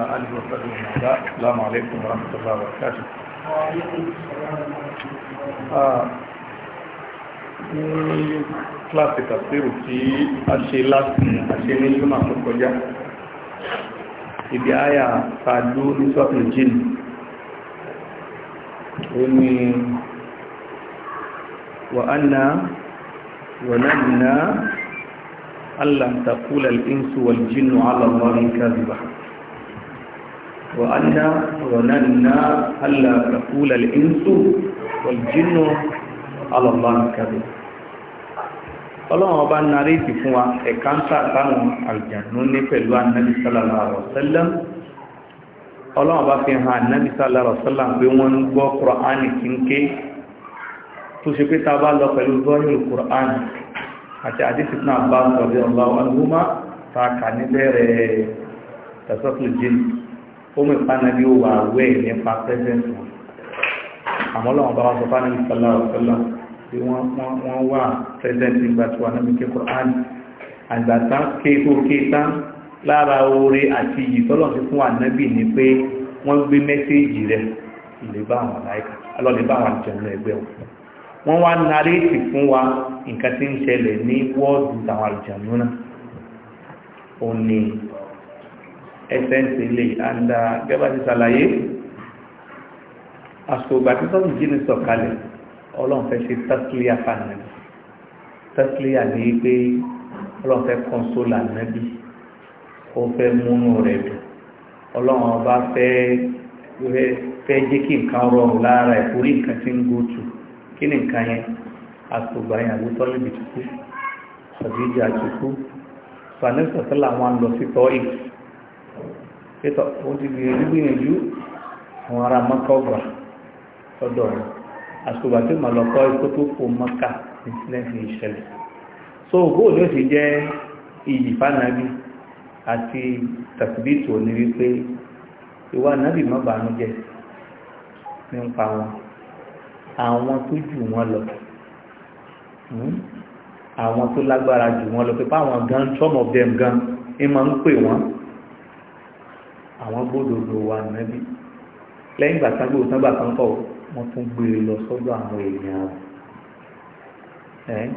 وعلى آله وصحبه ومن والاه السلام عليكم ورحمة الله وبركاته ní kíláàsì tàbíru tí a ṣe láti àṣẹ ní jùmọ̀ tó kọjá ibi àyà tàdú ní sọ́tún jìn ó ní wà ánà wà náà Allah taqula al-insu wal jinnu ala Allahi kadhiba وأنا ظننا أَلَّا تَقُولَ الإنس وَالْجِنُّ على اللَّهِ كذب ọlọ́run ọba naréètì fún wa ẹ̀ka ń sàtàwọn àjànú ní pẹ̀lú anábì sálàlá ọ̀sẹ́lẹ̀m ọlọ́run ọba fi hàn anábì sálàlá ọ̀sẹ́lẹ̀m pé wọ́n ń gbọ́ kùránì kínké tó ṣe pé ta bá lọ pẹ̀lú zọ́yìn kùránì àti àdísìtì náà bá sọ̀rọ̀ ọlọ́run ọdún ta kà ní bẹ̀rẹ̀ tẹ̀sọ́tù jíìnì ó mú ìpánabí ó wà wẹ́ nípa present wọn àmọ́ lọ́wọ́n bá wá sọ fáwọn ẹni sọlá ọ̀sọ́lá bí wọ́n wà present nígbà tí wọ́n náà kékeré àní àgbàtà kéèkó kéèkó lára oore àti iyì tọ́lọ̀ sí fún ànábì ni pé wọ́n gbé mẹ́séèjì rẹ̀ ìlébà àwọn aláìka alọ́lébà àwọn àjọyọ̀ ẹgbẹ́ wọn wọ́n wá naréètì fún wa ẹsẹ̀ǹsì lè and uh, gẹ́gbà ti sàlàyé àṣògbà tí sọ́nù jí ní sọ̀kalẹ̀ ọlọ́run fẹ́ ṣe tẹ́sílíà fànàbí tẹ́sílíà ní pé ọlọ́run fẹ́ kọ́nsólà nàbí ó fẹ́ múnú rẹ̀ dùn ọlọ́run ọba fẹ́ fẹ́ jẹ́ kí nǹkan rọrùn lára ẹ̀ orí nǹkan tí ń gòtù kí ni nǹkan yẹn àṣògbà yẹn àgbótọ́ níbi tukú ọ̀díjà tukú sànẹ́sọ̀tẹ́lá wọn lọ sí tọ́ ìfẹ́ pétọ̀ ó ti gbìyànjú gbìyànjú àwọn ará mọ́kà ọgbà ọdọ̀ àṣùgbà tí màá lọ kọ́ ikú tó kó mọ́kà ní sílẹ̀sì ìṣẹ̀lẹ̀ so bóòlù ó sì jẹ́ iyì fánàbí àti tàbíbìtì òní wípé ìwà nábì má bànújẹ́ nípa wọn àwọn tó jù wọn lọ hmm? àwọn tó lágbára jù wọn lọ pé fáwọn gan some of them gan ẹ máa ń pè wọn àwọn gbódòdó wa nàbí lẹ́yìn ìgbà sábà òsánbà kan kọ̀ wọ́n tún gbé e lọ sọ́dọ̀ àwọn èèyàn ẹ̀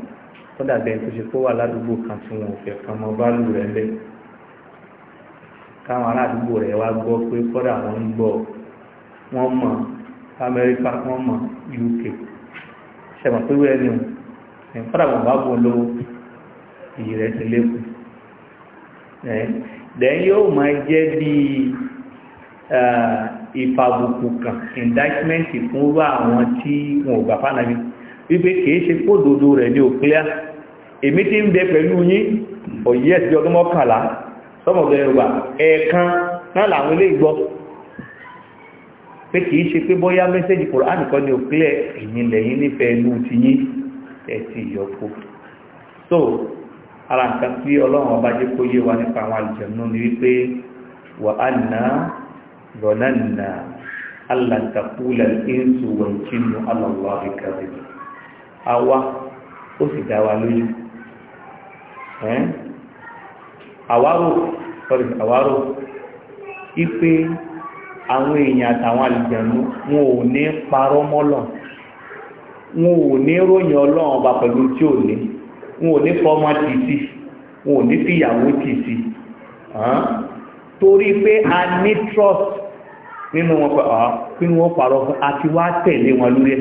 kódà bẹ́ẹ̀ tó ṣe kó wà ládùúgbò kan tí wọn ò fẹ́ kan mọ báàlù rẹ̀ lẹ̀ káwọn aládùúgbò rẹ̀ wá gbọ́ pé kódà wọ́n ń gbọ́ wọ́n mọ̀ amẹ́ríkà wọ́n mọ̀ uk ṣẹ̀mọ̀ pé wẹ́ẹ́ ni wọn kódà wọn bá bọ̀ lọ́wọ́ ìyẹ̀rẹ̀ ti lékun ẹ̀ then yóò máa jẹ́ bí ìfàbùkù kan indictment fún wá àwọn tí wọn ò gbà fánàbí wípé kìí ṣe pódòdó rẹ̀ ní òpílá èmi tí ń bẹ pẹ̀lú yín òyí ẹ̀sì ọdún mọ́kànlá sọ́mọ̀dọ̀ yorùbá ẹ̀ẹ̀kan náà làwọn ilé ìgbọ́ pé kìí ṣe pé bóyá mẹ́sẹ́jì Kùránì nìkan ní òpílẹ̀ ìyìnlẹ̀ nífẹ̀ẹ́ ti yín ẹ̀sì ìyọ̀pọ̀ so ara nǹkan tí ọlọ́run ọba jẹ́ kó yé wa nípa àwọn àlùjànnú ni wípé wà á nà lọ́nà nà alàǹtakùlà ìǹsù wọ̀nyínú alọ́wọ́ àbíkàbí àwa ó sì dá wa lójú àwárò sorry àwárò ipe àwọn èèyàn àtàwọn àlùjànnú wọn ò ní parọ́ mọ́lọ̀ wọn ò ní ròyìn ọlọ́run ọba pẹ̀lú tí ò ní wọn ò ní fọmọ títí wọn ò ní fìyàwó títí torí pé a ní trust nínú wọn pé ọ̀ pé wọ́n parọ́ fún àti wá tẹ̀lé wọn lórí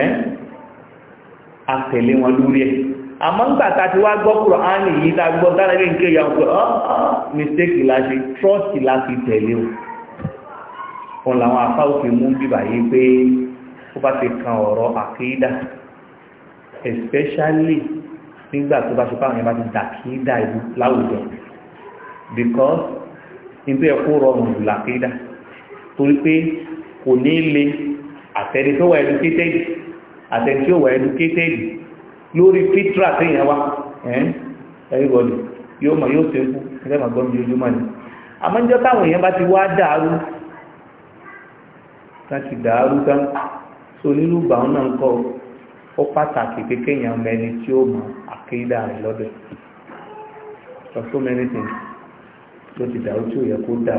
ẹ̀ àtẹ̀lé wọn lórí ẹ̀ àmọ́ nígbà tá a ti wá gbọ́ Kùránì yìí tá a gbọ́ tá a lè ń pé ọ́ mistake la ṣe trust la fi tẹ̀lé o òun làwọn afáwọ̀ fi mú bíbà pé ó bá ti kan ọ̀rọ̀ àkídà especially nígbà tó bá ṣe fáwọn yẹn bá ti dàkídà ìlú láwùjọ because nítorí ẹ̀kọ́ rọrùn jù làkídà torí pé kò ní le àtẹni tó wà educated àtẹni tí ó wà educated lórí fitra téèyàn wá everybody yóò mọ̀ yóò ṣe ń kú ẹgbẹ́ màgbọ́n mi ojoojúmọ́ ni àmọ́ níjọ́ táwọn èèyàn bá ti wá dàrú láti dàrú tán so nílùú bàún náà ń kọ́ ó pàtàkì pé kéèyàn mẹni tí ó mọ àkéèdà rẹ̀ lọ́dọ̀ sọ fún mẹni tí ló ti dàrú tí ò yẹ kó dà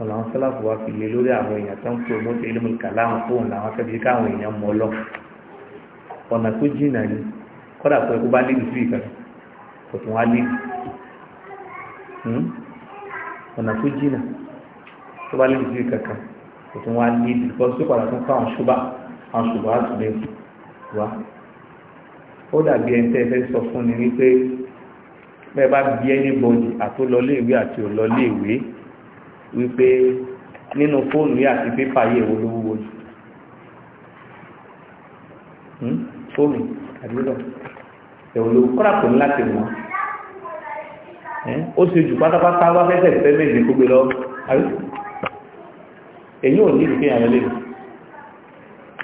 ọ̀nà àwọn sọ́làfù wa fi lé lórí àwọn èèyàn tó ń promote ilé mọ̀lùkà láwọn fóun làwọn fẹ́ fi káwọn èèyàn mọ̀ lọ ọ̀nà tó jìnnà ni kọ́dà pé kó bá léèdì sí ìkànnì kò tún wá léèdì hmm? ọ̀nà tó jìnnà tó bá léèdì sí ìkànnì kò tún wá léèdì kọ́ sí padà tún fáwọn ṣúbà aṣùgbọ́n àtúnlẹ̀ wá ó dàbí ẹni tẹ́ fẹ́ sọ fún ni wípé bẹ́ẹ̀ bá bí ẹni bọ́ọ̀dì àtólọ́léèwé àti òlọ́léèwé wípé nínú fóònù yìí àti pépà yìí èwo ló wúwo jù hmm? fóònù àdúrà èwo ló kọ́ra kò ní láti mọ̀ ó ṣe jù pátápátá wá fẹ́sẹ̀ fẹ́ méje kó gbé lọ èyí ò ní ìdíkẹ́ àyẹ̀lẹ́yìn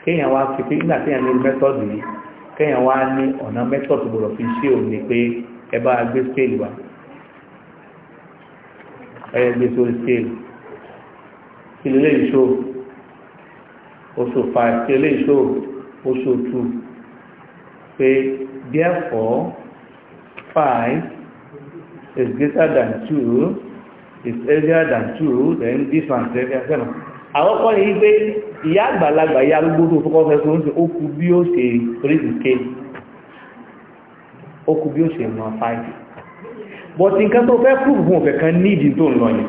kéèyàn wá fi pé nígbà téèyàn ní mẹ́tọ́dù yìí kéèyàn wá ní ọ̀nà mẹ́tọ́dù gbọ́dọ̀ fi ṣe òun ni pé ẹ bá gbé scale wa ẹ gbé sórí scale kí lè léyìí ṣó oṣù five kí lè léyìí ṣó oṣù two pé therefore five is greater than two is earlier than two then this one is earlier than two àwọn kọ́ ní wípé ìyá àgbàlagbà ìyá arúgbó tó fọ́kọ́ fẹ́ fún oúnjẹ ó kú bí ó ṣe rí ìké ó kú bí ó ṣe mọ fáìlì bọ́tí nǹkan tó fẹ́ kú fún òfẹ́ kan nídìí tó ń lọ yẹn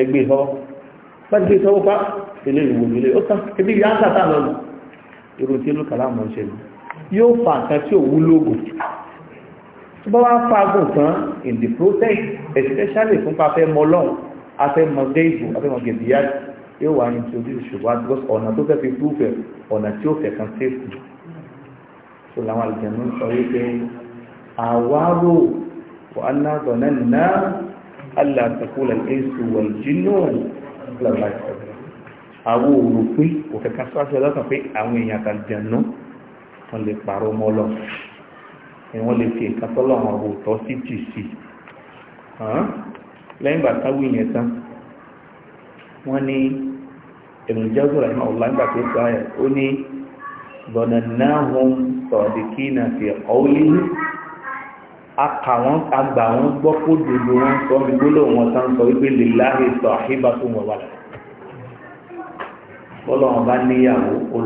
ẹgbẹ́ ìsọwọ́ e bá e pa ilé ìwò ilé ó tán ebi ìyá ń sàtà lọ́nà irun tí lókà láàmú ṣe lọ yóò fa nǹkan tí ò wúlógùn tó bá wá fagùn tán in the process especially fún pàfẹ́ mọ́ afẹ́mọ̀ géèbù afẹ́mọ̀ géèbù yá yóò wá ní tí ojú ṣùgbọ́n because ọ̀nà tó fẹ́ fi púfẹ̀ ọ̀nà tí ó fẹ́ kan sẹ́fù so làwọn àlùjẹ̀nu ń sọ wípé àwárò wàhálà tọ̀nà náà èso wàlùjínú lọ́la ìṣẹ̀lẹ̀ àwọn òrò pé kò fẹ́ kan sọ́ọ́sẹ̀ lọ́sàn pé àwọn èèyàn àtàlùjẹ̀nu wọn lè pààrọ̀ mọ́ lọ ni lè fi ìkàtọ́lọ́ àwọn òótọ́ sí tì lẹ́yìn ìgbà tán wí yẹn tán wọ́n ní ìrìn jẹ́sùn rẹ̀ náà ọ̀la nígbà tó sọ ẹ̀ ó ní gbọ̀nà náà wọn sọ̀dí kí náà fi ọ̀wọ́ lé ní aka wọn agbà wọn gbọ́ kó dodo wọn sọ mi gbólóhùn wọn tán sọ wípé lè láàyè sọ àhíbá tó wọ̀ wà lẹ́yìn bọ́lọ́wọ́n bá níyàwó ó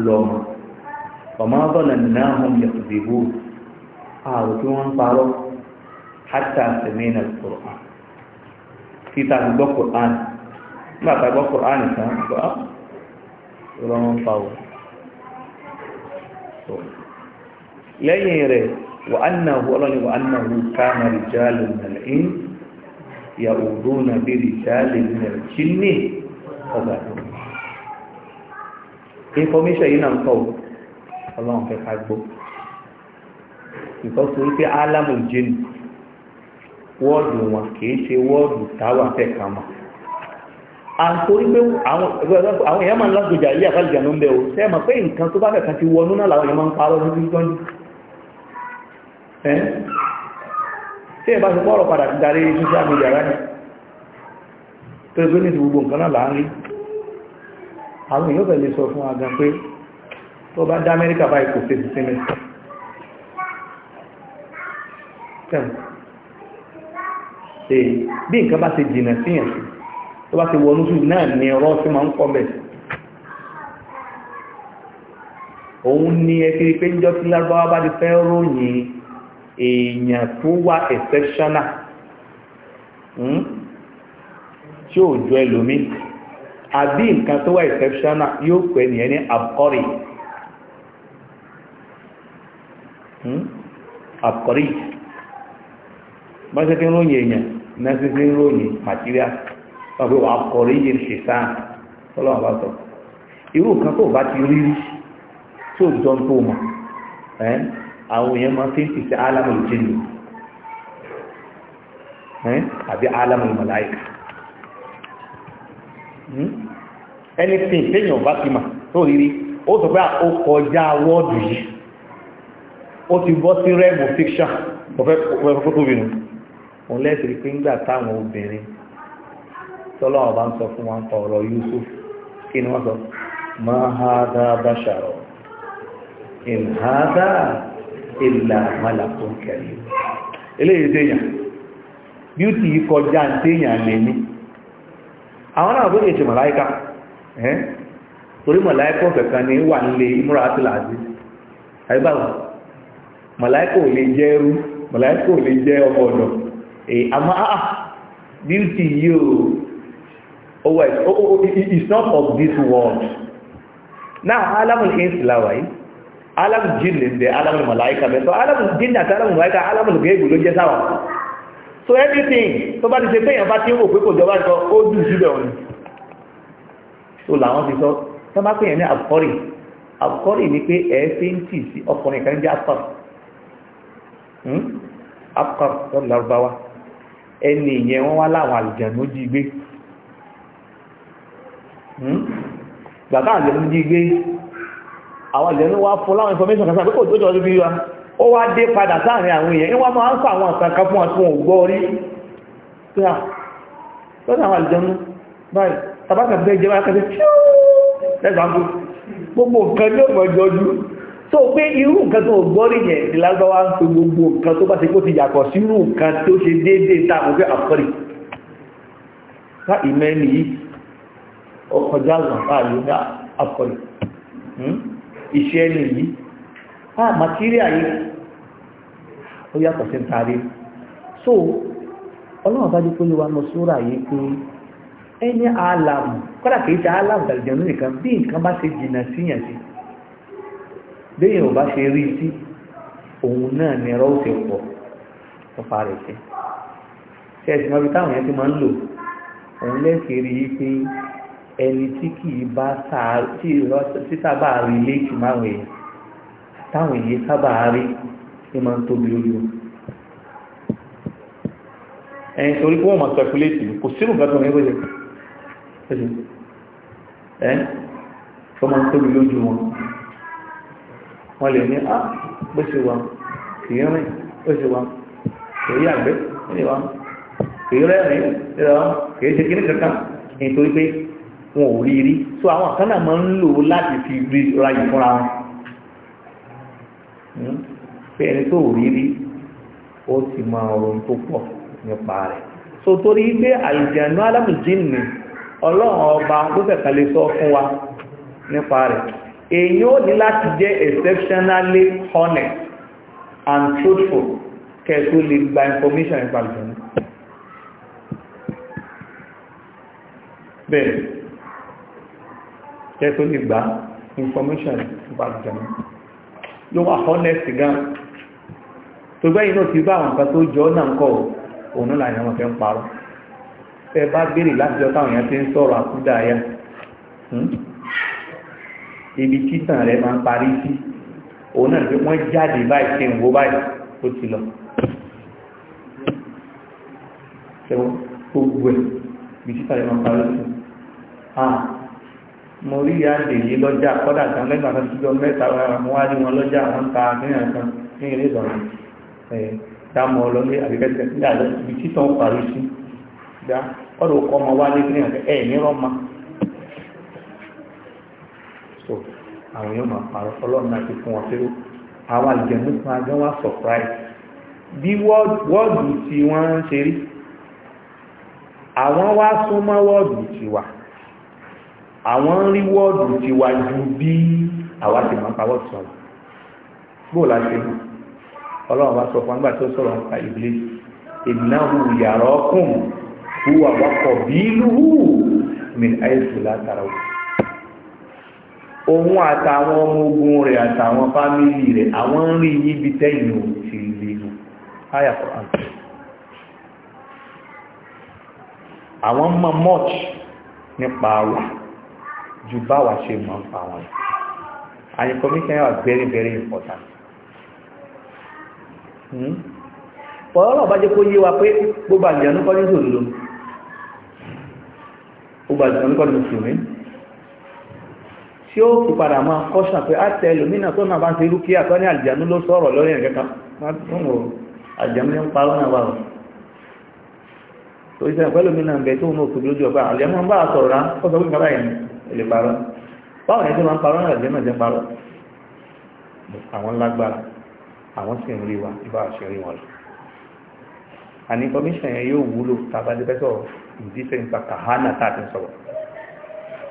ọmọ bọ́lá náà hàn tí wọ́n ń parọ́ hátà sẹ́mẹ́nà kùrọ̀ títà gbọ́ Quran nígbà tá gbọ́ Quran tán gbọ́ ah, ọlọ́run pa o lẹ́yìn rẹ̀ wà ánàwó ọlọ́run wà ánàwó káàmà rìjálì nàlẹ́yìn yàwòrò nàbí rìjálì nàlẹ́yìn ní ọgbàdùn information yìí náà ń kọ́ o ọlọ́run wọ́ọ̀dù wọn kìí ṣe wọ́ọ̀dù táwà fẹ́ka mọ̀ àtorí pé àwọn èèyàn máa ń lágbèjà ilé àfáàlìjà ló ń bẹ̀ o ṣe mọ̀ pé nǹkan tó bá fẹ̀kan ti wọnú náà làwọn èèyàn máa ń parọ́ ní bí tọ́jú ṣe ìbá ṣe pọ́ọ̀rọ̀ padà ti darí social media rẹ̀ tó ẹgbẹ́ ní ti gbogbo nǹkan náà láàárín àwọn èèyàn fẹ̀lẹ̀ sọ fún agan pé tó bá dá Amẹ́ríkà báyìí kò ṣe ti sinmi bí nǹkan bá se jìnà síyàn sí tó bá ṣe wọnú náà ni ọ̀rọ̀ sí máa ń kọ́ bẹ̀ òun ni ẹkiri pé níjọ́ tí lárúbáwá bá ti fẹ́ ròyìn èèyàn tó wà exceptional hmm, tí ò jọ ẹlòmí àbí nǹkan tó wà exceptional yóò pè ní ẹni àkọ́rì àkọ́rì hmm, bá ṣe fi ròyìn èèyàn náà ti fi ń ròyìn màtíríà wọn pé wàá kọ rí yé ṣe sáà tọ́lọ́wọ́n bá sọ irú nǹkan tó bá ti rí rí tí ò jọ tó mọ̀ ẹ́ àwọn èèyàn máa fi ń pèsè álámù ìjìnlẹ̀ ẹ́ àbí álámù màláíkà ẹni hmm? tí ìpéyàn bá ti mà tó rí ó sọ pé ó kọjá wọ́ọ̀dù yìí ó ti bọ́ sí rẹ́mù fíkṣà pọ̀fẹ́ pọ̀fẹ́ pọ̀fẹ́ òun lẹ́sìn rí pé ńgbà táwọn obìnrin tọ́lọ́ ọba ń sọ fún wọn ọ̀rọ̀ Yusuf kí ni wọ́n sọ máa ha dá báṣàrọ̀ ìhádá ìlà màlàkó kẹrì eléyìí téèyàn bí ó ti kọjá téèyàn lè àwọn náà tó lè ṣe màláíkà torí màláíkà ọ̀fẹ́ kan ní wà nílé àti làásì ò lè Eh, àmọ́ àà ah, ah, beauty yíò owó ẹ̀ it's not of this world now alamul insilawa yìí alamul jinn ń bẹ alamul malaika bẹ so alamul jinn àti alamul malaika alamul gẹ́gbù ló jẹ́ sáwọn so everything tó bá ti ṣe péyàn bá ti ń wò pé kò jọba nǹkan ó dùn síbẹ̀ òní so làwọn ti sọ tó bá péyàn ní àkọ́rì àkọ́rì ni pé ẹ̀ẹ́fẹ́ ń tì sí ọkùnrin kan jẹ́ àkọ́rì àkọ́rì lọ́rọ̀ bá wa ẹni ìyẹn wọ́n wá láwọn àlùjànnú jí gbé hmm? gbàtà àlùjànnú jí gbé àwọn àlùjànnú wá fún láwọn information kan sáà pé kò tó jọ lóbi wa ó wá dé padà sáàrin àwọn èèyàn wọ́n máa ń fà àwọn àkàkà fún àtún ògbọ́ orí lọ́nà àwọn àlùjànnú báyìí tàbátà bẹ́ẹ̀ jẹ́ wáyé kẹsẹ̀ fíó lẹ́sàn-án gbogbo nǹkan ní ọ̀pọ̀ ìjọ́jú so pé irú nǹkan tó nye yẹn ti lágbàwá ń pe gbogbo nǹkan tó bá ṣe kó ti yàtọ̀ sí irú nǹkan tó ṣe déédéé tá àwọn pé àkọ́rí ká ìmẹ́ni yìí ọkọjá àgbàfáàlú ní àkọ́rí hmm? iṣẹ́ ẹni yìí á màtíríà yìí ó yàtọ̀ sí so ọlọ́run bá dípò lówà mọ́ sóra yìí pé ẹni àlàmù kọ́dà kìí ṣe àlàmù nìkan bí nǹkan bá ṣe bẹ́yìn ò bá ṣe rí sí òun náà ni ẹ̀rọ òsè pọ̀ ọ̀pá rẹ̀ ṣe ṣe ẹ̀sìn mọ́bí táwọn yẹn ti máa ń lò òun lẹ́sìn rí i pé ẹni tí kì í bá sábà rí léèkì márùn èèyàn táwọn èèyàn sábà rí ni máa ń tóbi lójú ẹ̀yìn torí pé wọ́n máa speculate kò sínú nǹkan tó ń gbé ẹ̀ tó máa ń tóbi lójú wọn wọ́n lè ní á ah, bó ṣe wà kìí rìn bó ṣe wà kìí yàgbé nílẹ̀ wa kìí rẹ́rìn nílẹ̀ wa kìí ṣe kíní kankan nítorí pé wọn ò rí rí so àwọn kan náà máa ń lò láti fi rí ráyè fúnra wọn hmm? pé ẹni tó rí rí ó sì máa ronú tó pọ̀ nípa rẹ̀ so torí pé àlùjànnú alámùjínì ọlọ́run ọba ló fẹ̀ka lè sọ fún wa nípa rẹ̀ èyí ó ní láti jẹ́ exceptionally honest and truthful kẹ́ẹ̀tó lè gba information nípa ìjọba bẹ́ẹ̀ kẹ́ẹ̀tó lè gba information nípa ìjọba ló wà honest gan tó gbẹ́yìn náà ti bá àwọn nǹkan tó jọ náà kọ̀ òun náà làwọn fẹ́ ń parọ́ ẹ bá béèrè láti ọ̀tá àwọn èèyàn ti ń sọ̀rọ̀ àkúdà ayá hmm? ibi títàn rẹ̀ máa ń parí sí òun náà pé wọ́n jáde báyìí ṣe ń wo báyìí ó ti lọ ṣẹ̀wọ́n gbogbo ẹ̀ ibi títàn rẹ̀ máa ń parí sí mo rí àdè yìí lọ́jà kọ́dà kan lẹ́gbàá kan síjọ mẹ́ta mo wá rí wọn lọ́jà wọn ta kíyàn kan ní ilé ìdọ̀rùn ẹ̀ dámọ̀ ọlọ́lé àbíkẹ́sẹ̀ nígbà ibi títàn parí sí ọ̀rọ̀ kọ́ ọmọ wálé kíyàn ẹ̀ ní rọ́mà àwọn yóò máa parọ́ ọlọ́run náà ti fún wọn sérò àwọn àlùjẹ̀mú kan agán wá surprise bí wọ́ọ̀dù tí wọ́n ń ṣe rí àwọn wá súnmọ́ wọ́ọ̀dù tí wà àwọn ń rí wọ́ọ̀dù tí wà ju bí àwa ti máa ń pawọ́ sọ̀rọ̀ bó la ṣe mọ̀ ọlọ́run bá sọ fún agbá tó sọ̀rọ̀ nípa ìbílẹ̀ ìnáwó yàrá ọkùnrin wúwà wákọ̀ bí lúhù mi àìsùn látara òkú òun àtàwọn ọmọ ogun rẹ̀ àtàwọn fámílì rẹ̀ àwọn ń rí níbi tẹ́yìn ò ti lè nù ayàkọ̀ àwọn mọ̀ much nípa wà ju báwa ṣe mọ̀ nípa wọn and the commission are very very important hmm? ọ̀rọ̀ bá jẹ́ kó yé wa pé gbogbo àjẹ́ ọ̀nà kọ́ ní sòrò gbogbo àjẹ́ ọ̀nà kọ́ ní sòrò tí ó fi padà máa kọ́ṣà pé àtẹ ẹlòmínà tó náà bá ń ṣe irú kí àtọ́ ní àlìjànú ló sọ̀rọ̀ lórí ẹ̀rẹ̀ kankan má tún wò àlìjànú ní ń parọ́ náà wà ó torí sẹ́yìn pẹ́lú mi náà ń bẹ tó ń òkú lójú ọba àlìjànú máa ń bá a sọ̀rọ̀ rá ó sọ pé nǹkan báyìí lè parọ́ báwọn ẹni tó máa ń parọ́ náà àlìjànú jẹ́ parọ́ àwọn lágbára àwọn sì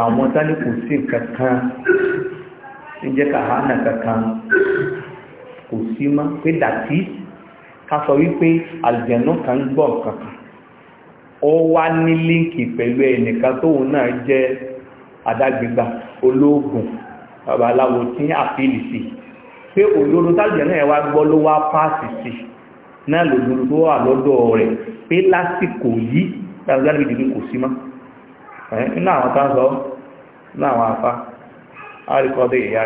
àwọn tání kò sí kankan ń jẹ́ kàhánà kankan kò sí mọ́ pé dàtí ká sọ wípé àlùjànnú kan gbọ́ kankan ó wá ní líǹkì pẹ̀lú ẹnìkan tóun náà jẹ́ adágbégbà olóògùn babaláwo tí àfíìlì sí pé òdodo tàbíyàn náà wá gbọ́ ló wá páàsì sí náà lòdodo wà lọ́dọ̀ rẹ̀ pé lásìkò yìí tàbí kò sí mọ́ iná àwọn tá sọ iná àwọn afá àríkọ́dé ìyá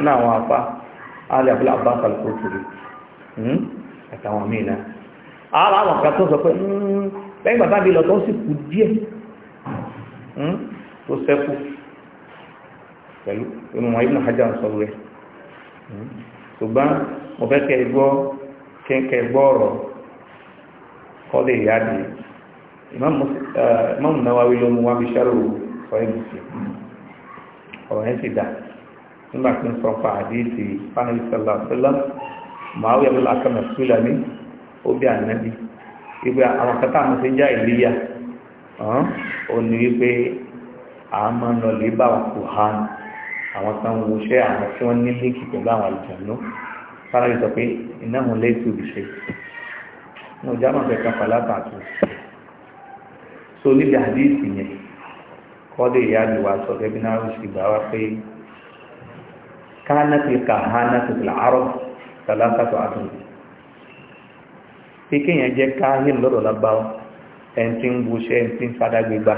iná àwọn afá àrí àbúlé àbáṣà lóko òkèrè àtàwọn míì ara àwọn kan tó sọ pé hmm, lẹ́yìn bí lọ tó sì kú díẹ̀ hmm? tó sẹ́kù pẹ̀lú ìmọ̀ ibùn hajjá sọ rẹ̀ hmm? ṣùgbọ́n mo fẹ́ Eh, Imam Nawawi ló mú wá fi ṣẹ́rù sọ́yìn mùsùlùmí ọ̀rọ̀ yẹn sì dá nígbà tí ń sọ pa àdéhìsì fáwọn ìṣẹ̀lá ọ̀sẹ̀lá Muawiya bin Al-Hakam As-Sulami ó bí ànábi ibi àwọn kẹta àwọn tó ń já ìléyà ó ní wípé àmọ́ lọ lè bá wà kó hàn àwọn kan wo iṣẹ́ àwọn tí wọ́n ní líǹkì pẹ̀lú àwọn àlùjànnú fáwọn ìsọ pé iná hùn lẹ́sùn ìṣe ní ọjà máa fẹ́ kan fàlàtà àtúnṣe so níbi àdéhìsì yẹn kọ́lé ìyá mi wà sọ gẹ́gẹ́ náà ó sì gbà wá pé káná ti kà hánà ti fi làárọ̀ sàlásàtọ̀ àtúntò pé kéèyàn jẹ́ káhìn lọ́dọ̀ lágbáwá ẹni tí ń wọṣẹ́ ẹni tí ń fadágbégbá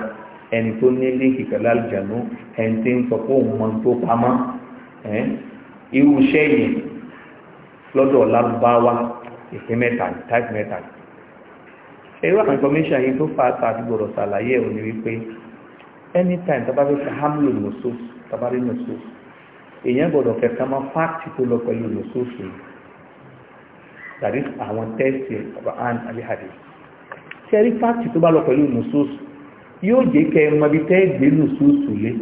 ẹni tó ní líǹkì pẹ̀lú àlùjànnú ẹni tí ń sọ pé òun mọ tó pamọ́ irú iṣẹ́ yìí lọ́dọ̀ lágbáwá ìpín mẹ́ta táìpì mẹ́ta ni ẹ̀rọ àkànṣọ́mẹ́ṣà yìí tó fa àti gbọ̀rọ̀ sàlàyé ẹ̀ ní wípé anytime tàbá fẹ́ ṣe hamlo nosos tàbá rí nosos èèyàn gbọ́dọ̀ kẹta máa fáàtì tó lọ pẹ̀lú nosos yìí that is àwọn tẹ́sì Quran àbí hadith ṣe rí fáàtì tó bá lọ pẹ̀lú nosos yóò jẹ́ kẹ́ ẹ mọ ibi tẹ́ gbé nosos lé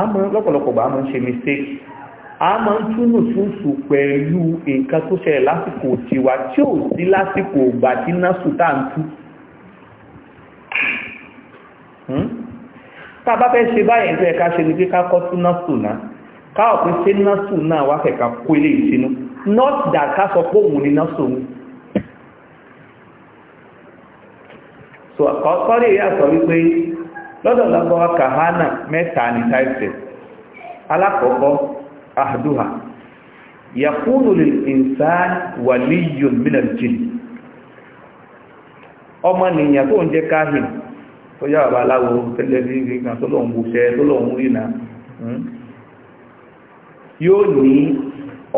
àmọ́ lọ́pọ̀lọpọ̀ bá máa ń ṣe mistake a ma ń túnú túnṣù pẹ̀lú nǹkan tó ṣẹlẹ̀ lásìkò tiwa tí ò sí lásìkò ìgbà tí násù tá ń tú hmm? tá bá fẹ́ ṣe báyẹ̀ tó ẹ̀ka ṣe ní pé ká kọ́ tú násù náà ká pé sí násù náà wá fẹ̀ka kó ilé ìsinú not that ká sọ pé òun ni násù òun so kọ́lé yà sọ wípé mẹ́ta ní táìsẹ̀ alákọ̀ọ́kọ́ ahduha yakunu lil waliyun min ọmọ nìyàn tó ń jẹ́ káhìn tó yá bàbá aláwo tẹ́lẹ̀ ní ìgbìkan tó lóun gbòṣẹ́ tó hmm? yóò ní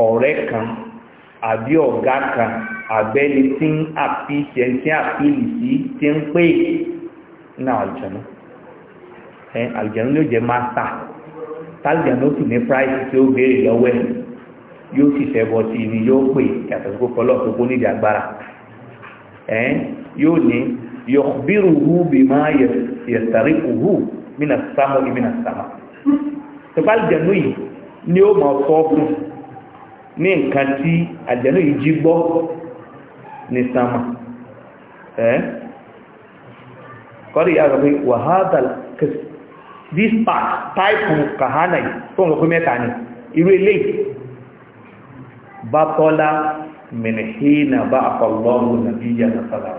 ọ̀rẹ́ kan àbí ọ̀gá kan àbẹ́ni tí ń àfi ṣe tí sí tí ń pè ní àlùjẹ̀nú àlùjẹ̀nú ló tálíjà ló sì ní price tí ó béèrè lọ́wọ́ ẹ̀ yóò sì fẹ́ bọ́ sí ni yóò pè yàtọ̀ sí kókó lọ́ọ̀ tó kó nídìí agbára ẹ̀ yóò ní yọ̀bírùhù bí máa yẹ̀sàrí kùhù mínà sámọ́ ìmínà sámà tó bá yìí ni ó máa sọ fún ní nǹkan tí àlìjẹ̀nú yìí jí gbọ́ ní sámà ẹ̀ kọ́rí yàrá pé wàhálà kẹsì this part táìpù kàhánà tó ń lọ pé mẹ́ta ni irú ilé bá tọ́lá mìnìhínà bá àpọ̀lọ́rùn nàbíyà na sọ́lá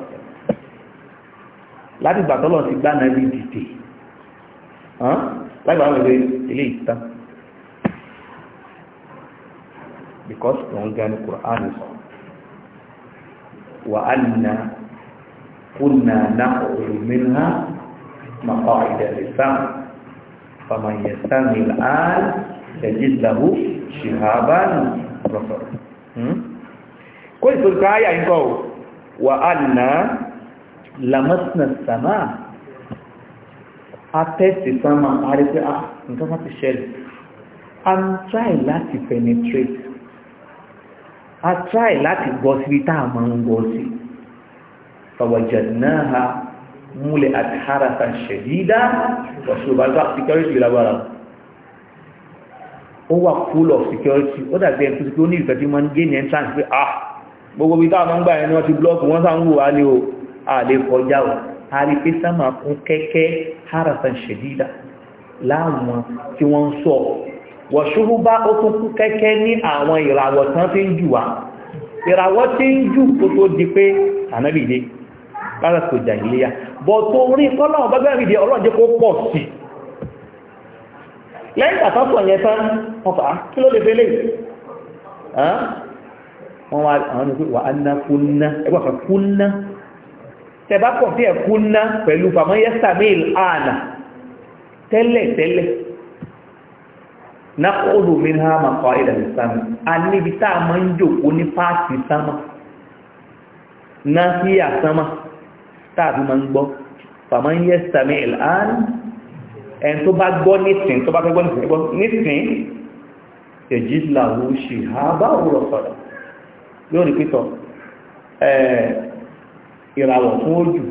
láti gbà ti gbá nàbí dìde láti gbà wọ́n ilé ìtàn because wọ́n gani Kùránì sọ wà á nà kúnnà náà òmìnira màá ìdẹ̀lẹ̀ sáà faman yastami al-an yajid lahu shihaban rasara kó ìtòlùkọ́ ayà ń kọ́ wà lamasna sama atẹ́sì sama àrífẹ́ à ah, nǹkan má ti ṣẹlẹ̀ i'm try láti penetrate i try láti gọ́ sí tá a máa múlẹ̀ àti harata ṣẹ̀dídá wọ̀ṣùgbà tó security lágbára ó wà full of security ó dàbí ẹni tó ti pé ó ní ìfẹ́ tí wọ́n gé ní entrance pé ah gbogbo bí táwọn ń gbà ẹni wọ́n ti blọ́ọ̀kù wọ́n sáà ń wò wá ní o àlè o a rí pé sáàmà kún kẹ́kẹ́ harata ṣẹ̀dídá láwọn tí wọ́n ń sọ wọ̀ṣùgbà ó tún kún kẹ́kẹ́ ní àwọn ìràwọ̀ tán ti ń jù wá ìràwọ̀ ti ń jù tó tó di pé ànábìdé lásìkò jàìlíyà bọ̀ tó rí kọ́lọ̀ bá bẹ́ẹ̀ rí ọlọ́run jẹ́ kó pọ̀ sí lẹ́yìn àtọ́sọ̀ yẹn tán wọ́n fà á kí ló lè fẹ́lẹ̀ wọ́n wá àwọn ní pé wà á ná kúnná ẹgbẹ́ kan kúnná tẹ̀bá pọ̀ sí ẹ̀ kúnná pẹ̀lú fàmọ́ yẹ́sàmíl ààlà kọ́ ìdà ní a níbi tá a máa ń jòkó ní páàtì sámà náà sí àsámà tààbí ma ń gbọ́ fàmá ń yẹ sàmì ìlànà ẹn tó bá gbọ́ nìsìn tó bá fẹ́ gbọ́ nìsìn nìsìn èjì làwọ̀ ṣì ha bá òwúrọ̀ sọ̀rọ̀ yóò rí pítọ̀ ìràwọ̀ fún ojú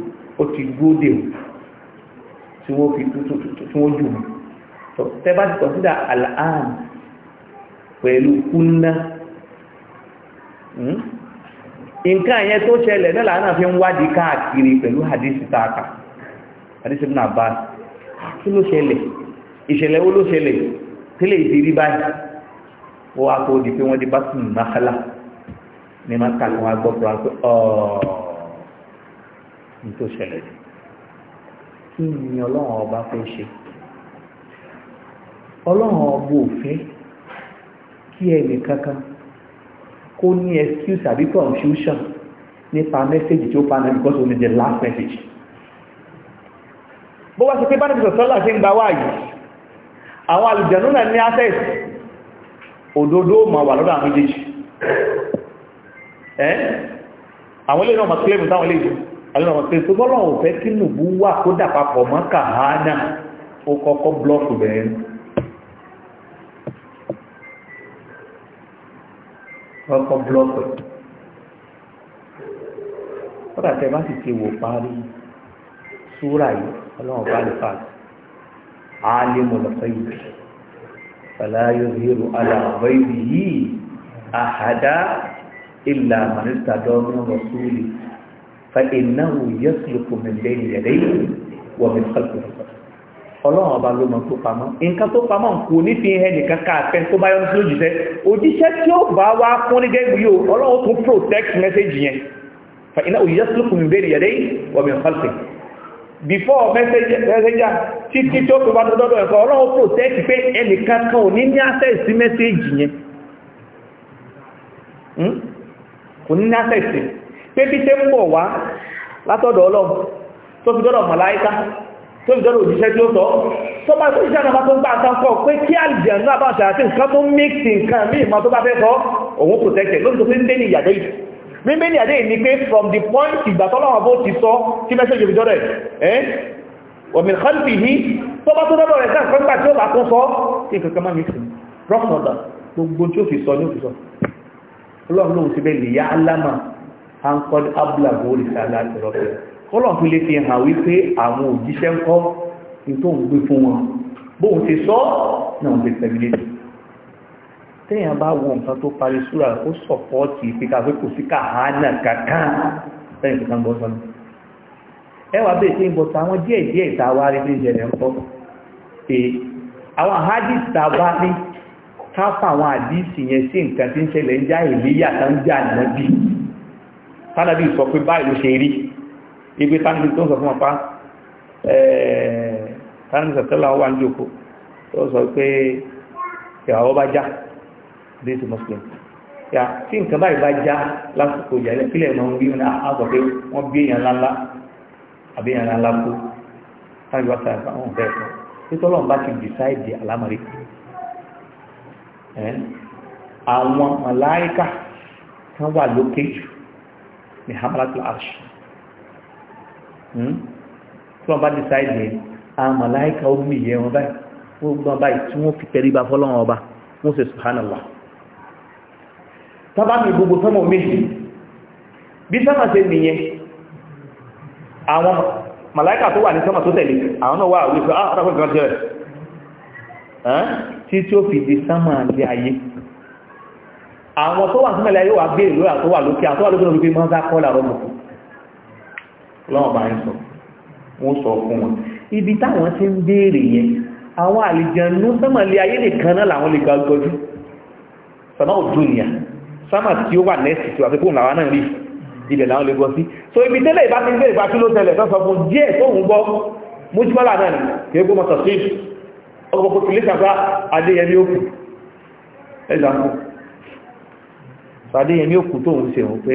ó ti gbóde tí wọ́n fi tútù ojú mi tó tẹ́ bá ti kọ̀sídà àlàáàmù pẹ̀lú kúnná hmm, nǹkan yẹn tó ṣẹlẹ̀ náà lànà fi ń wádìí káàkiri pẹ̀lú hadisi taaka hadisi ibn abbas kí ló ṣẹlẹ̀ ìṣẹ̀lẹ̀ wo ló ṣẹlẹ̀ kílẹ̀ ìdírí báyìí ó wá kó di pé wọ́n di bá sùn mákàlá ní máa kà kó pé ni ọlọ́run ọba fẹ́ ṣe ọba ò fẹ́ kí ẹnì kankan kó ní excuse àbí confusion nípa mẹ́sẹ̀jì tí ó pa náà because only the last message bó wá sí pé bánàbí sọ̀sọ́lá sí ń gba wá yìí àwọn àlùjànnú náà ní access òdodo ma wà lọ́dọ̀ àwọn méjèèjì ẹ́ àwọn ilé náà ma claim táwọn ilé ìlú àwọn náà ma claim tó bọ́lọ̀ òfẹ́ kí ọkọ̀ búlọ́ọ̀kù kọ́dà tẹ́ bá sì ti wò parí súrà yìí ọlọ́run bá lè fàá alimul ghaib fala yuzhiru ala ghaibihi ahada illa man istada min rasuli fa innahu yasluku min bayni yadayhi wa min khalfihi ọlọ́run ọba ló mọ tó pamọ́ nǹkan tó pamọ́ kò ní fi hẹ́ nìkan ká àfẹ́ tó bá yọ́nú sí lójúṣẹ́ òjíṣẹ́ tí ó bá wá fún ní gẹ́gbù yóò ọlọ́run tún protect message yẹn fa iná òjíṣẹ́ tó kùn bẹ́ẹ̀ nìyẹ̀dẹ́ wọ̀mí ọ̀fàlùfẹ́ before message messenger títí tó fi wá dọ́dọ́ ẹ̀kọ́ ọlọ́run protect pé ẹnìkan kan ò ní ní access sí message yẹn hmm? kò ní ní access pé bí tẹ́ ń bọ̀ wá látọ̀dọ̀ ọlọ́run tó fi dọ́dọ̀ màláíkà tó fi dọ́rọ̀ òjíṣẹ́ tí ó sọ tó bá tó ìṣẹ́ àmà tó ń bá àtàn kọ́ pé kí àlìjẹ̀nú àbáṣà àti nǹkan tó mix nǹkan mí ìmọ̀ tó bá fẹ́ sọ òun protect ló sọ pé ń bẹ́ni ìyàdẹ́ yìí mímẹ́ ní àdé ni pé from the point ìgbà tọ́lọ́wọ́n bó ti sọ tí mẹ́sẹ̀jì òbí dọ́rẹ̀ ẹ́ ọ̀mìn kọ́lùfì yìí tó bá tó dọ́rọ̀ rẹ̀ sáà kọ́ńgbà tí ó bá tún sọ tí nǹkan má mix rough order gbogbo tí ó fi sọ ní òfin sọ ọlọ́run lóhun ti bẹ́ẹ̀ lè yá aláma hankọ́d abúlà bó rí sáà láti rọ́pẹ́ kọ́lọ̀ fi lè fi hàn wípé àwọn òjíṣẹ́ ń kọ́ ní tó ń gbé fún wọn bóun ti sọ náà ń gbé pẹ̀lú e. tẹ́yàn bá wo nǹkan tó parí súra ó sọ̀pọ̀tì ìpíkà pé kò sí káàánà kankan lẹ́yìn tó kàn gbọ́sọ́nà ẹwà bẹ́ẹ̀ tí ń bọ̀ tàwọn díẹ̀ díẹ̀ ìtawà rí ní ìjẹ̀lẹ̀ ń kọ́ ibi táńkì tó sọ fún ọpá eh, táńkì sọ̀tẹ́lá wà ń jòkó tó sọ pé ìyàwó bá já this muslim yà tí nǹkan báyìí bá já lásìkò ìyà ilẹ̀ kílẹ̀ máa ń wí ní ah, àgbọ̀ pé wọ́n bí èèyàn ńláńlá àbí èèyàn ńláńlá kú táńkì bá sọ àwọn ọ̀fẹ́ ẹ̀kọ́ títọ́ lọ́n bá ti dìsáìdì àlámọ̀rí eh, àwọn màláíkà kan wà lókè jù ní hamalat arsh Hmm? tí wọ́n bá decide yẹn àwọn màláìka ó mì yẹ wọn báyìí wọ́n gbọ́n báyìí tí wọ́n fi tẹrí ba fọ́lọ́wọ́n ọba wọ́n ṣe subhanallah tábà mi gbogbo sọ́mọ̀ méjì bí sọ́mọ̀ ṣe nìyẹn àwọn màláìka tó wà ní sọ́mọ̀ tó tẹ̀lé àwọn náà wà wípé ah ọ̀tàkùn kan ṣẹlẹ̀ tí tí ó fi di sọ́mọ̀ àti ayé àwọn tó wà sọ́mọ̀ ilẹ̀ ayé wà gbé ìlú lọ́wọ́ bá ń sọ wọ́n sọ fún wọn ibi táwọn ti ń béèrè yẹn àwọn àlìjẹ̀nú sẹ́mọ̀lẹ́ ayé nìkan náà làwọn lè gọgọjú sọ́nà òdúnìyà sámà tí ó wà nẹ́ẹ̀sì tí wà pé kóun làwọn náà rí ilẹ̀ làwọn lè gọ sí so ibi tẹ́lẹ̀ ìbá ti ń béèrè bá kí ló tẹ̀lẹ̀ tó sọ fún díẹ̀ tóun gbọ́ mójúmọ́là náà ni kí é gbọ́mọ̀ sọ̀tí ọgbọ̀ population bá adéyẹmí òkú ẹ̀zàmù adéyẹmí òkú tóun ṣe òun pé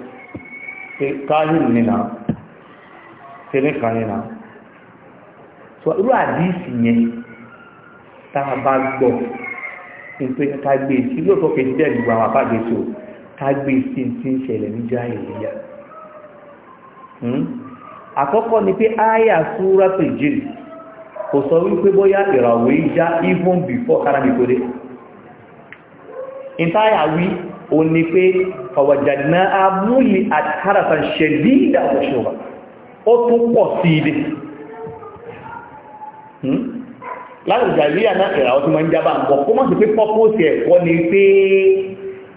pé káyìn nínà kan nina? so irú àdíìsì yẹn tá a bá gbọ́ pé ká gbé sí lóòótọ́ kejì dẹ́ gbogbo àwọn so ká gbé sí ti ń ṣẹlẹ̀ ní jahiliya hmm? àkọ́kọ́ ni pé áyà súratul jinn kò sọ wípé bóyá já even before káràbì tó dé o ni fàwàjàdìná amúlì àtàràfà ṣẹ̀dí ìdàmọ̀ṣọ́wà ó tún pọ̀ sí ibi láàrín ìjàlíyà náà ìrà ọdún máa ń jábà ń bọ̀ kó mọ́ sí pé pọ́pọ́sì ẹ̀kọ́ ni pé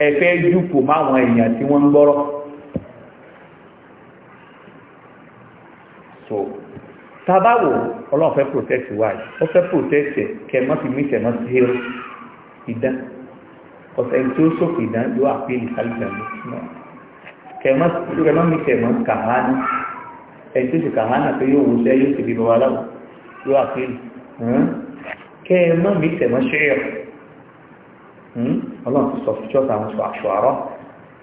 ẹ̀fẹ́ jùkù máwọn èèyàn tí wọ́n ń gbọ́rọ̀ so tabawo ọlọ́run fẹ́ protect wa ó fẹ́ protect ẹ̀ kẹ́ mọ́ ọ̀sẹ̀ tí ó sòkè dán yóò àpèlè kálíjà ló súnmọ́ kẹmọ́ kẹmọ́ mi kẹmọ́ kàhánà ẹni tó ti kàhánà pé yóò wọ́n sẹ́ yóò ti bíbọ̀ wá láwọ̀ yóò àpèlè kẹmọ́ mi kẹmọ́ ṣẹ́yọ̀ ọlọ́run ti sọ fún ṣọ́ọ̀tà àwọn sọ àṣọ àárọ̀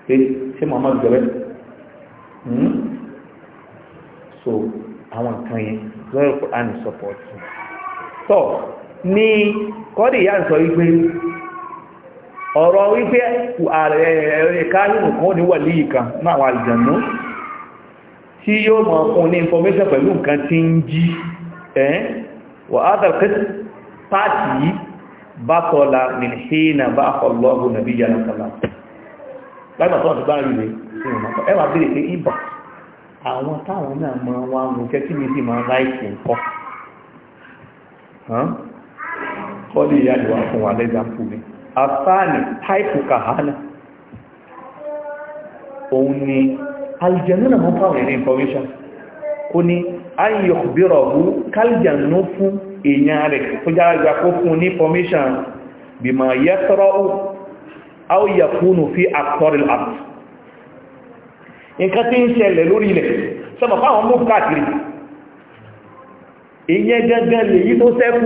pé ṣé Muhammad jọ bẹ́ẹ̀ so àwọn nǹkan yẹn lọ́rọ̀ kò á ní sọ́pọ̀tì tọ́ ní kọ́dí ìyá ń sọ wípé ọ̀rọ̀ wípé ẹ̀ẹ̀káyìnù kan ní wàlí ìkan náà wà ìjànú tí yóò mọ̀ fún ní information pẹ̀lú nǹkan tí ń jí ẹ́n wà ádàkẹ́ pàtì yìí bá kọlá nìhínà bá kọlọ́gù nàbí yàrá kọlá àwọn táwọn náà mọ́ wọn mú kẹ́ kí ní sí máa ráìkì nǹkan kọ́ lè yàjọ wà fún wa lẹ́gbàá fún mi àfáàní táìpù kàhánà òun ni alìjẹ̀nú náà mọ́ fáwọn ẹ̀rẹ́ information kò ní ayọ̀bírọ̀bú kálìjẹ̀nú fún èèyàn rẹ̀ tó jára kó fún ní information bí ma yẹ́ tọ́rọ ó yẹ fúnnù fi àkọrìl àt nǹkan tí ń ṣẹlẹ̀ lórí ilẹ̀ sọmọ̀ fáwọn mú káàkiri ìyẹn gẹ́gẹ́ lè yí tó sẹ́kù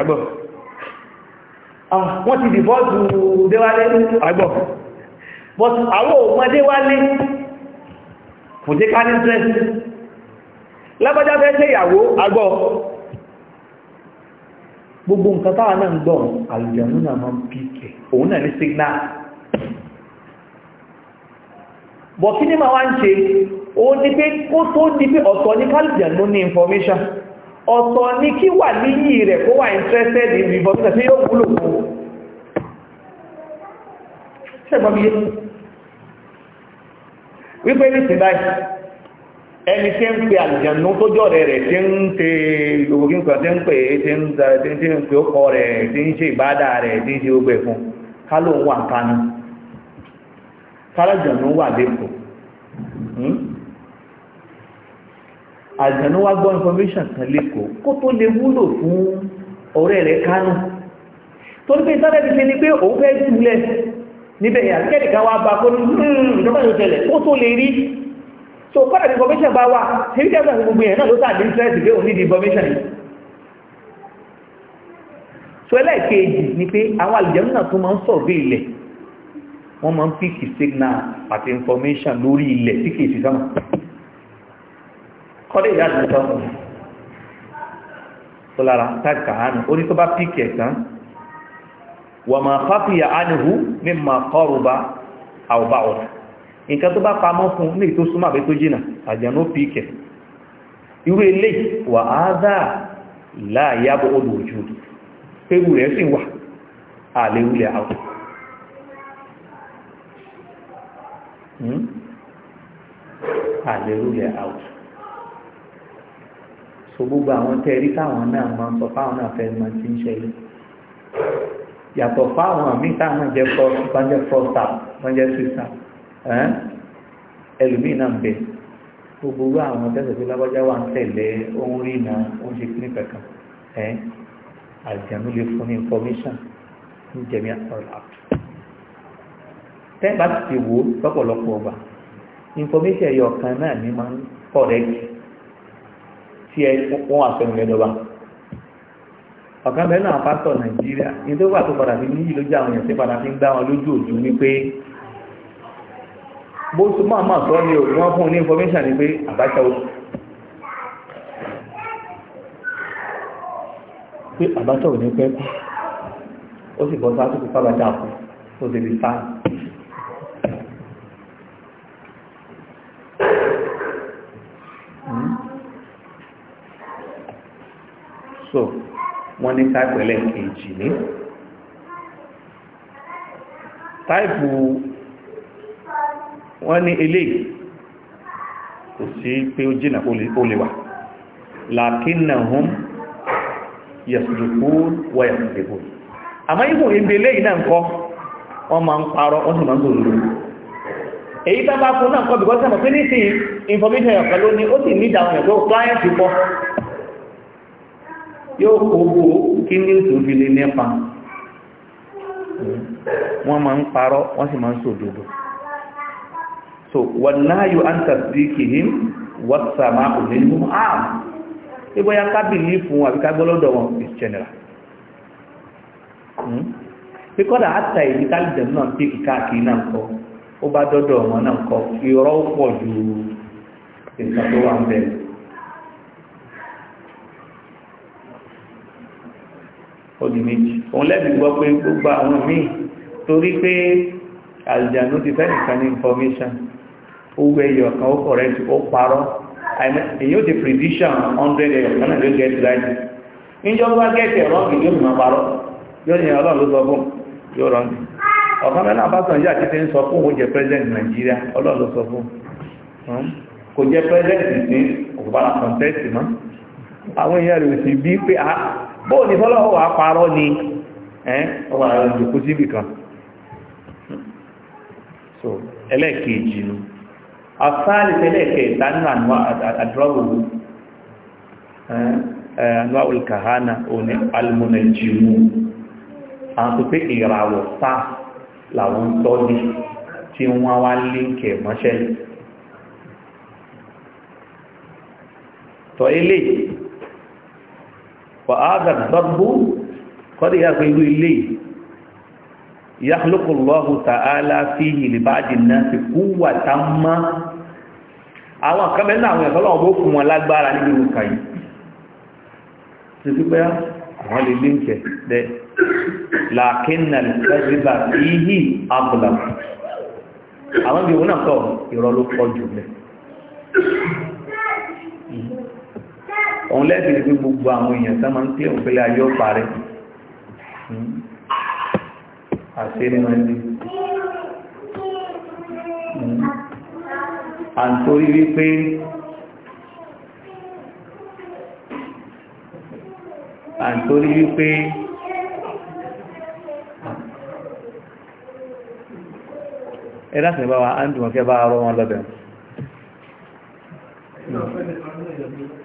àgbọ̀ ah, wọ́n ti dìbọ́ọ̀tù déwálé àgbọ̀ but àwọn òmọdé wálé kò jẹ́ ká ní stress lábájá fẹ́ ṣe ìyàwó àgbọ̀ gbogbo nǹkan táwa náà ń gbọ́ àlùjànnú náà máa ń píkẹ̀ òun náà ní signal bọ̀ kí ní máa wá ń ṣe òun ni pé kó tó di pé ọ̀tọ̀ ní kálùjànnú ní information ọ̀tọ̀ ni kí wà níyì rẹ̀ kó wà interested in the body tí yóò wúlò fún ṣẹ́gbọ́míyé wípé ní ṣìdá ẹni tí ń pè àlùjànnú tó jọ rẹ̀ rẹ̀ tí ń tẹ gbogbo tí ń pè tí ń rẹ̀ tí ń ṣe ìbádà rẹ̀ àjànú wa gbọ́ information kan lẹ́kọ̀ọ́ kó tó lè wúlò fún ọ̀rẹ́ rẹ̀ kánú torí pé sáré ti ṣe ni pé òun fẹ́ túlẹ̀ níbẹ̀ àkẹ́ẹ̀dìká wá bá kó ní hmm, ìjọba yóò tẹ̀lẹ̀ kó tó lè rí so kọ́nà information bá wà ṣebí kẹ́kọ̀ọ́ àti gbogbo yẹn náà ló sáà ní interest pé òun ní information yìí so ẹlẹ́ẹ̀kejì ni pé àwọn àlùjẹ́mú náà tó máa ń sọ̀rọ̀ ilẹ̀ wọ́n máa ń píkì signal àti information lórí ilẹ̀ tí kìí sí sáwọn kọ́lé ìyá àti ìtọ́ tó lára táìkà ánù ó tó bá píkì ẹ̀tàn wà máa fáfíyà ánìhù ní ma kọrùbá àwọ̀bá ọ̀tà nǹkan tó bá pamọ́ fún ní ètò súnmọ́ àbẹ́ tó jìnà àjànú irú ilé wà láàyàbọ̀ olùwòjú pẹ̀lú rẹ̀ sì wà so gbogbo àwọn tẹ́rí táwọn náà máa ń sọ fáwọn náà fẹ́ máa ti ń ṣẹlẹ̀ yàtọ̀ fáwọn míì táwọn jẹ́ fọ́njẹ́ fọ́sà fọ́njẹ́ sísà ẹlòmíì náà ń bẹ gbogbo àwọn tẹ́sẹ̀ tó lágbájá wà ń tẹ̀lé ohun rí na ó ń ṣe kí ní kankan àjẹmú lè fún ní information ń jẹmí ọ̀la tẹ́ bá ti wò lọ́pọ̀lọpọ̀ ọgbà information ẹ̀yọ̀ kan náà ní máa ń correct tí ẹ wọ́n wà fẹ́mi lẹ́dọ̀bá ọ̀kan bẹ́ẹ̀ náà pásọ̀ nàìjíríà ní tó wà tó padà fi níyì lójú àwọn èèyàn padà fi ń dá wọn lójú òjú fún ní information pé Abacha ó pé Abacha ò ní pẹ́ kú ó sì bọ́ sáà tó ní táìpù ẹlẹ́ẹ̀kejì ní táìpù wọ́n ní eléyìí kò sí pé ó jìnà ó lè wà lakinnahum yasdukun wa yasdukun àmọ́ ìbò ìbèlé ìná ǹkọ́ wọ́n máa ń parọ́ wọ́n sì máa ń tó lórí èyí tá bá fún náà kọ́ bí wọ́n sẹ́mọ̀ pé ní sí information ẹ̀kọ́ ló ní ó sì ní ìdáwọn ẹ̀kọ́ client yóò kógbó kí ní ètò fi lè nípa wọ́n máa ń parọ́ wọ́n sì máa ń sòdodo so ah! wọ́n hmm? náà yóò án tàbí kìhìm wọ́n sàmà òní ní ààm ìgbóyá kábìlì fún àbí kágbọ́lọ́dọ̀ wọn is general píkọ́dà àtà èyí kálìdẹ̀m náà pé ìkáàkiri náà kọ́ ó bá dọ́dọ̀ wọn náà kọ́ ìrọ́ pọ̀ ju ìgbà tó wà ń bẹ̀rẹ̀ odi méjì òun lẹ́bi gbọ́ pé gbogbo àwọn míì torí pé àlùjànnú ti fẹ́nìkan ní information ó wẹ ẹyọ kan ó correct ó parọ́ èyí ó ti prediction hundred ẹyọ kan náà ló get right níjọba gẹ́ẹ̀tì ẹ̀rọ ọ̀gbìn yóò máa parọ́ yóò ní ọlọ́run ló sọ fún yóò rọ̀ ní ọ̀kan mẹ́rin àbátan yóò àti ti ń sọ fún òun jẹ́ president Nàìjíríà ọlọ́run ló sọ fún hmm? kò jẹ́ president ní òkùnbára contest mọ́ àwọn èèyàn rẹ̀ sì bí pé ah bóò ní fọ́lọ́wọ́ wà parọ́ ni ọwà ìjòkó sí ibìkan so ẹlẹ́ẹ̀kejì nu asáàlì tẹ́lẹ̀kẹta nínú àdúràwò ànúwà olùkàhánà òní alìmọ̀nà ìjìmú àwọn tó pé ìràwọ̀ sá làwọn tọ́jú tí wọ́n wá líǹkẹ̀ mọ́ṣẹ́lẹ̀ tọ́ eléyìí fàáza dọ́gbù kọ́dé yà pé irú ilé yàhlùkùlọ́hù tààlà fi ìlìbáàdì náà ti kú wà tá má àwọn kan bẹ́ẹ̀ náà àwọn ẹ̀fọ́ lọ́wọ́ bó fún wọn lágbára níbi ìrùkà yìí ti fi pé àwọn lè lé ǹkẹ́ bẹ́ làákínà lẹ́gbẹ̀bà ìhì àbùlà àwọn òun lẹ́sìn ní pé gbogbo àwọn èèyàn tán máa ń kílẹ̀ òfẹ́lẹ́ ayé ọ̀pá rẹ̀ àṣírí máa ń dé à ń torí wípé à ń bá wa á ọ̀kẹ́ bá rọ wọn lọ́bẹ̀ẹ́ hmm.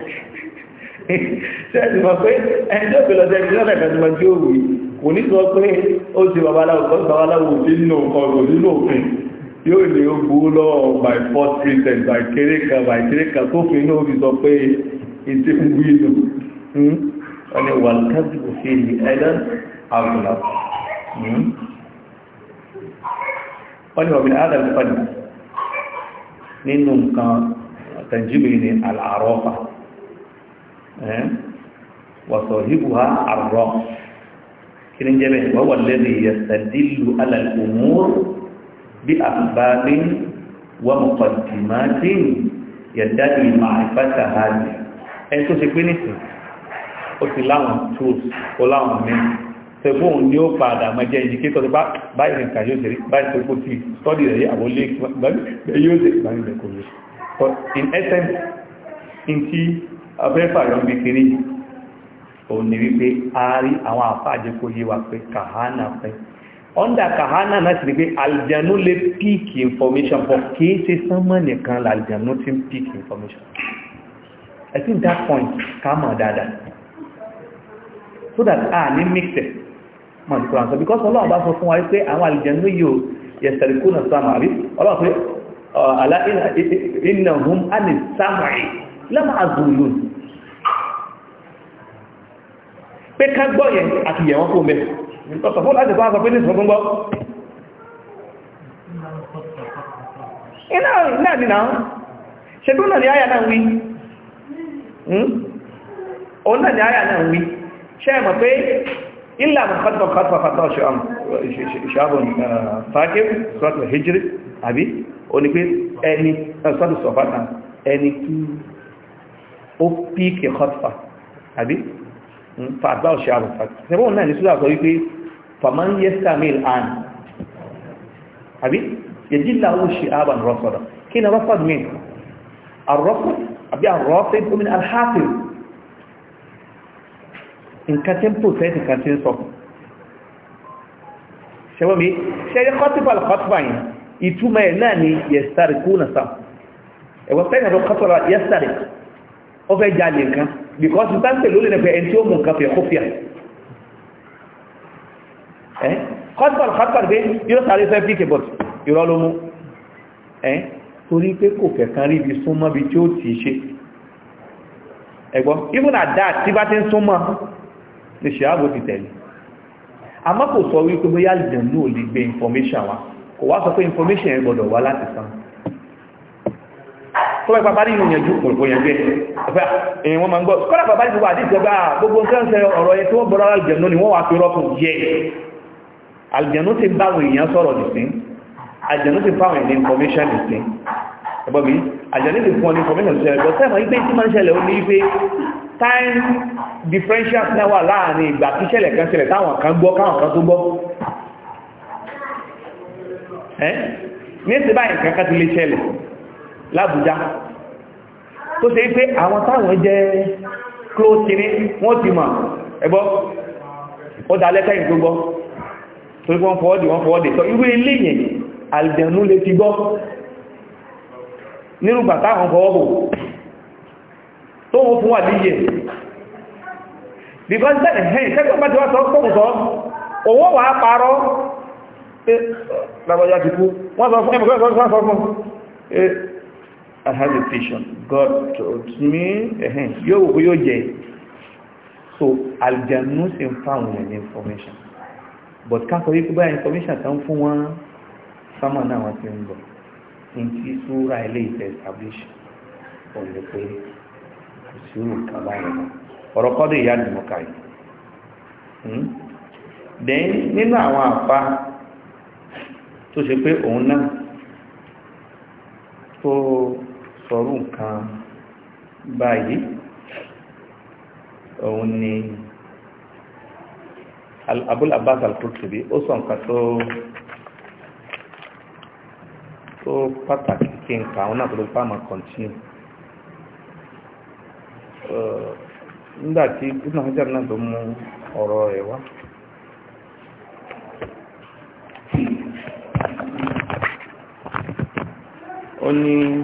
sẹ́ẹ̀sì mọ̀ pé ẹni tó fi lọ sí ẹni lọ́dẹ̀ kan tó máa tí ó wù kò ní sọ pé ó ti babaláwo kọ́ babaláwo nínú ọ̀rọ̀ nínú òfin yóò lè gbowó lọ́wọ́ by four percent by kéré kan by kéré kan tó fi inú òfin sọ pé ètè ń wí nù hmm? wọ́n ni wà láti kò fi èyí ẹ̀dán àwùlá hmm? wọ́n ni wà bí adam fani nínú nǹkan tàjíbì ní àlàárọ́fà wàsọ̀ híbu ha àrọ̀ kí ni jẹ́bẹ̀ wọ́n wà lẹ́nu yẹ̀sẹ̀dìlù alàlùmúr bí àbábí wọ́n mọ̀kàndìmáàtì yẹ̀dá ìmọ̀ àìfàṣà ha ni ẹ tó ṣe pé nìsín ó ti láwọn tools ó láwọn mẹ́rin tẹ̀fóòn ni ó padà máa jẹ́ indikétọ̀ tó bá báyìí rìn kàyó jẹ́rí báyìí tó kó tí stọ́dì rẹ̀ àwọn olé yóò jẹ́ ìgbàmìlẹ̀ kò ní in essence in tí afẹ́fà yọ ń bí kiri òun ni wípé a rí àwọn àfáàjẹ́ kó yé wa pé kàhánà pẹ́ ọ́ndà kàhánà náà rí pé alìjànú lè pík information For kìí ṣe sánmọ́ nìkan làlìjànú ti ń pík information i think that point ká mọ̀ so that a ní mixed it mọ̀ ní because ọlọ́run bá sọ fún wa pé àwọn alìjànú yóò yẹsẹ̀rẹ̀ kó náà sáàmà àbí ọlọ́run pé ala innahum anis sam'i lama azulun pé ká gbọ́ yẹn àti yẹ̀wọ́n kó mẹ́ ọ̀sọ̀ fún láti fáwọn sọ pé ní ìsọ̀tún gbọ́ iná nìna ṣẹ̀dún náà ni àyà náà wí hmm? òun náà ni àyà náà wí ṣe mọ̀ pé ilẹ̀ àmọ̀kọ́tọ̀ kọ́tọ̀ ṣàbùn fàákẹ́ sọ́tọ̀ hijri àbí o ní pé ẹni sọ́tọ̀ uh, sọ̀fàtà ẹni ó pí kẹ́ kọ́tọ̀ àbí fàgbà ọ̀ṣẹ́ àbùfà ṣẹ́wọ́n náà ní sùúrà sọ wípé fàmán yẹ́sà mail an àbí yẹjìlá ó ṣe àbà rọ́sọ̀dà kí ni rọ́sọ̀dà mi àrọ́sọ̀d àbí àrọ́sọ̀d omi alhafil nǹkan tí ń pòsẹ́ẹ̀tì kan tí ń sọ ṣẹ́wọ́n mi ṣẹ́yẹ kọ́tífà lọ́kọ́tífà yẹn ìtumọ̀ ẹ̀ náà ni yẹ́sàrì kúnà sáà ẹ̀wọ̀n sẹ́yìn ó fẹ́ jalè nǹkan because nǹkan pẹ̀lú lè pẹ̀ ẹni tí ó mú nǹkan fẹ̀ kó fìyà ẹ́ kọ́tùpàlù kọ́tùpàlù pé yóò sáré fẹ́ píkẹ̀ bọ̀t ìrọ́ ló mú ẹ́ torí pé kò kẹ̀kan rí ibi súnmọ́ bí tí ó ti ṣe ẹ̀gbọ́n even at that tí bá ti ń súnmọ́ lè ṣe ààbò ti tẹ̀lé àmọ́ kò sọ wípé bóyá ìdàn náà lè gbé information wa kò wá sọ pé information yẹn gbọ́dọ̀ wá láti san tó wẹ́ bàbá nínú yẹnjú kòrò yẹnjú ẹ̀ wọ́n ma ń gbọ́ kọ́lá bàbá nínú wà dìtẹ̀ bá gbogbo sẹ́ǹsẹ̀ ọ̀rọ̀ yẹ tí wọ́n gbọ́rọ̀ alìjẹ̀nú ni wọ́n wà fi rọ́pùn yẹ alìjẹ̀nú ti bá èèyàn sọ̀rọ̀ information nìsín ẹgbọ́n mi alìjẹ̀nú ti fún ní information ṣẹlẹ̀ ẹgbọ́n sẹ́mọ̀ ipe tí máa ń ṣẹlẹ̀ time differentials náà wà láàrin ìgbà tí kan ṣẹlẹ̀ táwọn kan gbọ́ káwọn kan tó gbọ́ ní ìsìn báyìí kankan ti lè ṣẹlẹ̀ lábújá tó ṣe pé àwọn táwọn jẹ́ close ní wọ́n ti mọ̀ ẹgbọ́ ó dá lẹ́tà ìgbógbọ́ torí wọ́n fọ́ọ̀dì wọ́n fọ́ọ̀dì tọ́ irú ilé yẹn àlìjẹ̀nú lè ti gbọ́ nínú bàtà àwọn fọ́ọ̀bù tó wọ́n fún wà níyẹ̀ because that hey second party wa so ko so owo wa paro eh bàbá ya ti kú wọ́n sọ fún e mo eh I have a vision. God told me, yóò wò yóò jẹ. So, àlùjànnú sì ń fáwọn èèyàn ní information. But ká sọ wípé báyìí information tán fún wọn, sámà náà wọ́n ti ń bọ̀. Ní ti súra ilé ìfẹ́ establish ọ̀lẹ́ pé kò sí òun kan báyìí lọ. Ọ̀rọ̀ kọ́dọ̀ ìyá ni mo kà yìí. Hmm? Then nínú àwọn àfa tó ṣe pé òun náà tó sọ̀rọ̀ nǹkan báyìí òun ni ó sọ nǹkan tó tó pàtàkì kí n kà àwọn náà tó fáwọn kọ̀ǹtínú nígbà tí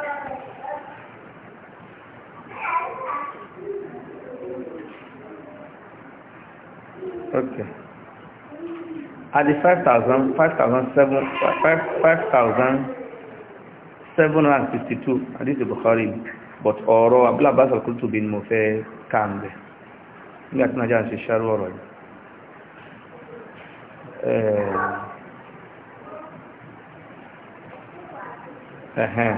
Okay. At the 5,000, 5,007, Bukhari, but ọrọ abúlábásà kúrútù bin mo fẹ́ káàmẹ́. Nígbà tí Nàíjíríà ṣe ṣàrú ọ̀rọ̀ yìí.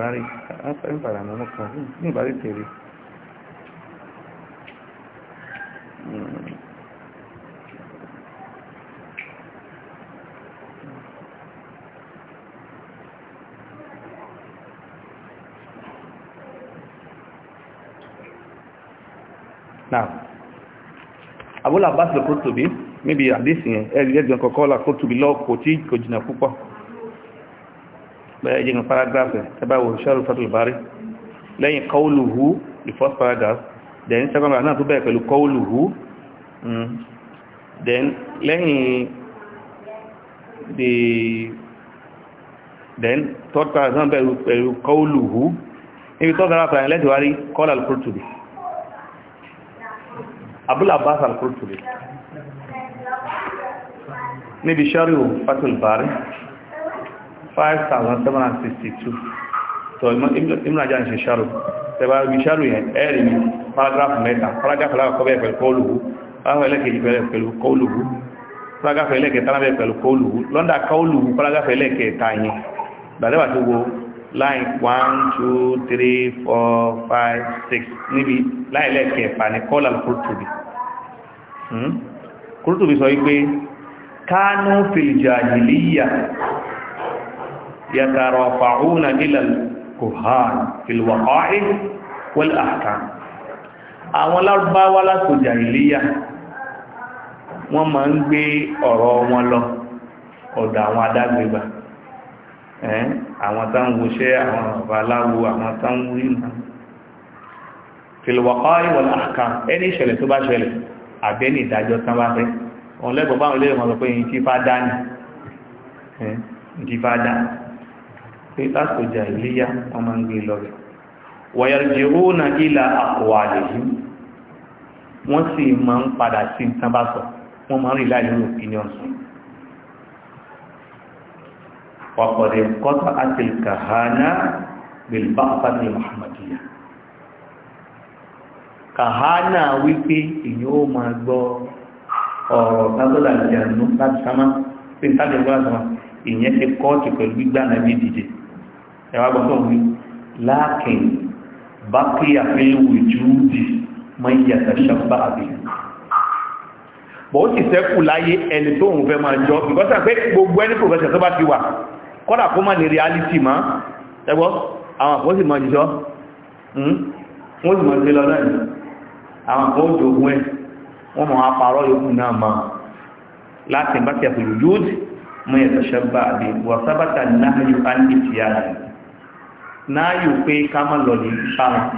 bá rí afẹ́ ìpàdà mọ́mọ́ kan ní ìbá rí tèrè Now, Abúlà Básìlò Kótòbí, níbi àdísì yẹn, ẹ̀rì ẹ̀dùn kọ̀kọ́ ọlá Kótòbí lọ́pọ̀ tí kò jìnà púpọ̀ bẹ́ẹ̀ jẹ́ paragraph ẹ̀ tẹ́bàwò ṣọ́rọ̀ fàtàlùbárí lẹ́yìn kọlùhù the first paragraph then second paragraph náà tó bẹ̀rẹ̀ pẹ̀lú kọlùhù hmm. then lẹ́yìn the then third paragraph náà bẹ̀rẹ̀ pẹ̀lú kọlùhù níbi third paragraph lẹ́tì wá rí kọ́lá al-Qurtubi Abul Abbas al-Qurtubi níbi ṣọ́rọ̀ fàtàlùbárí 5762 tó ìmìnà ajá ń ṣe ṣàrò tẹba ibi ṣàrò yẹn ẹ̀rì ní paragraph mẹ́ta paragraph alákọ̀ọ́kọ́ bẹ́ẹ̀ pẹ̀lú kọlùwú paragraph ẹlẹ́kẹ̀ẹ́jì bẹ́ẹ̀ pẹ̀lú kọlùwú paragraph ẹlẹ́kẹ̀ẹ́ta bẹ́ẹ̀ pẹ̀lú kọlùwú lọ́ndà kọlùwú paragraph ẹlẹ́kẹ̀ẹ́ta yẹn gbàdẹ́bà tó wo line one two three four five six níbi line ẹlẹ́kẹ̀ẹ́fà ní kọ́lá kúrútùbì kúrútùbì hmm? sọ wípé kánú fìlìjà ìlíyà يترافعون إلى الكهان في الوقائع والأحكام àwọn lárúbáwá láti jàìlíyà wọ́n máa won gbé ọ̀rọ̀ wọn lọ ọ̀dọ̀ àwọn adágbégbà àwọn tán ń woṣẹ́ àwọn ọ̀bá awon àwọn tán ń rí náà fìlìwọ̀kọ́ ìwọ̀n àkà ẹni ìṣẹ̀lẹ̀ tó bá ṣẹlẹ̀ àbẹ́ni ìdájọ́ tán bá fẹ́ wọn lẹ́gbọ̀n báwọn lè mọ̀ pé látòjà ìléyà wọn máa ń gbé lọ́yọ̀ wọ̀yẹ̀rẹ̀jẹ̀rúnà ìlà àkọwàlẹ̀ yìí wọ́n sì máa ń padà sí nǹkan bá sọ wọ́n máa ń rí láìlú opinion sọ ọ̀pọ̀dé kọ́tà àti kàhánà bilba fani muhammadiya kàhánà wípé èyí ó máa gbọ́ ọ̀rọ̀ tátọ́lá ìjànú láti sámá ìyẹn ti kọ́ọ̀tù pẹ̀lú gbígbà náà bí dìde ẹwà gbọ́tọ̀ wí láàkín bá kí àfihàn júúdì mọ́ ìyàtà ṣàbá àbí bọ̀ ó sì sẹ́kù láyé ẹni tó òun fẹ́ máa jọ ìgbọ́sà pé gbogbo ẹni professor tó bá ti wà kọ́dà kó má ní reality ma ẹgbọ́ àwọn àpò sì mọ́ jíṣọ́ hmm? wọ́n sì mọ́ sí lọ náà àwọn àpò òjò ogun ẹ̀ wọ́n mọ̀ apàrọ̀ yòókù náà ma láti bá kí àfihàn júúdì mọ́ ìyàtà ṣàbá àbí wọ́n sábàtà náà yóò á ní ìtìyà rẹ̀ náà yóò pé ká má lọ lè bá wọn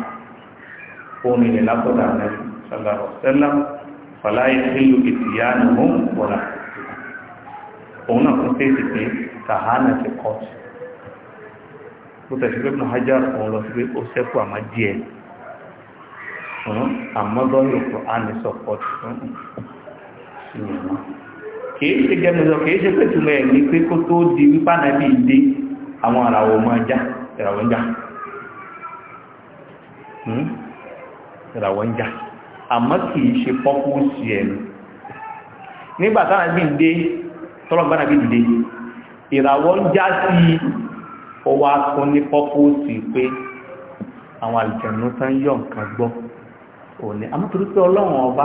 òun ilẹ̀ lápọ̀dà náà sọ̀làrọ̀ sẹ́lá fàlàyé nílùú ìtìyà nìmú wọ̀là òun náà fún fèsì pé kàhánà ti kọ́ọ̀tù ó tẹ̀sí pé náà hajar òun lọ sí pé ó sẹ́kù àmá díẹ̀ àmọ́dọ́rọ̀ kò á ní sọ́pọ̀tù fún ìyẹ̀mọ́ kìí ṣe gẹ́mùsọ kìí ṣe pẹ̀tùmẹ̀ ní pé kó tó di wípánàbí ìdé àwọn àràwọ̀ máa já ìràwọ̀ nja já hmm? ṣe pọ́kú sí ẹnu nígbà táwọn ẹbí dé tọ́lọ̀gbọ́nà bí já sí ní pọ́kú sí pé àwọn tán yọ nǹkan gbọ́ òní ọlọ́run ọba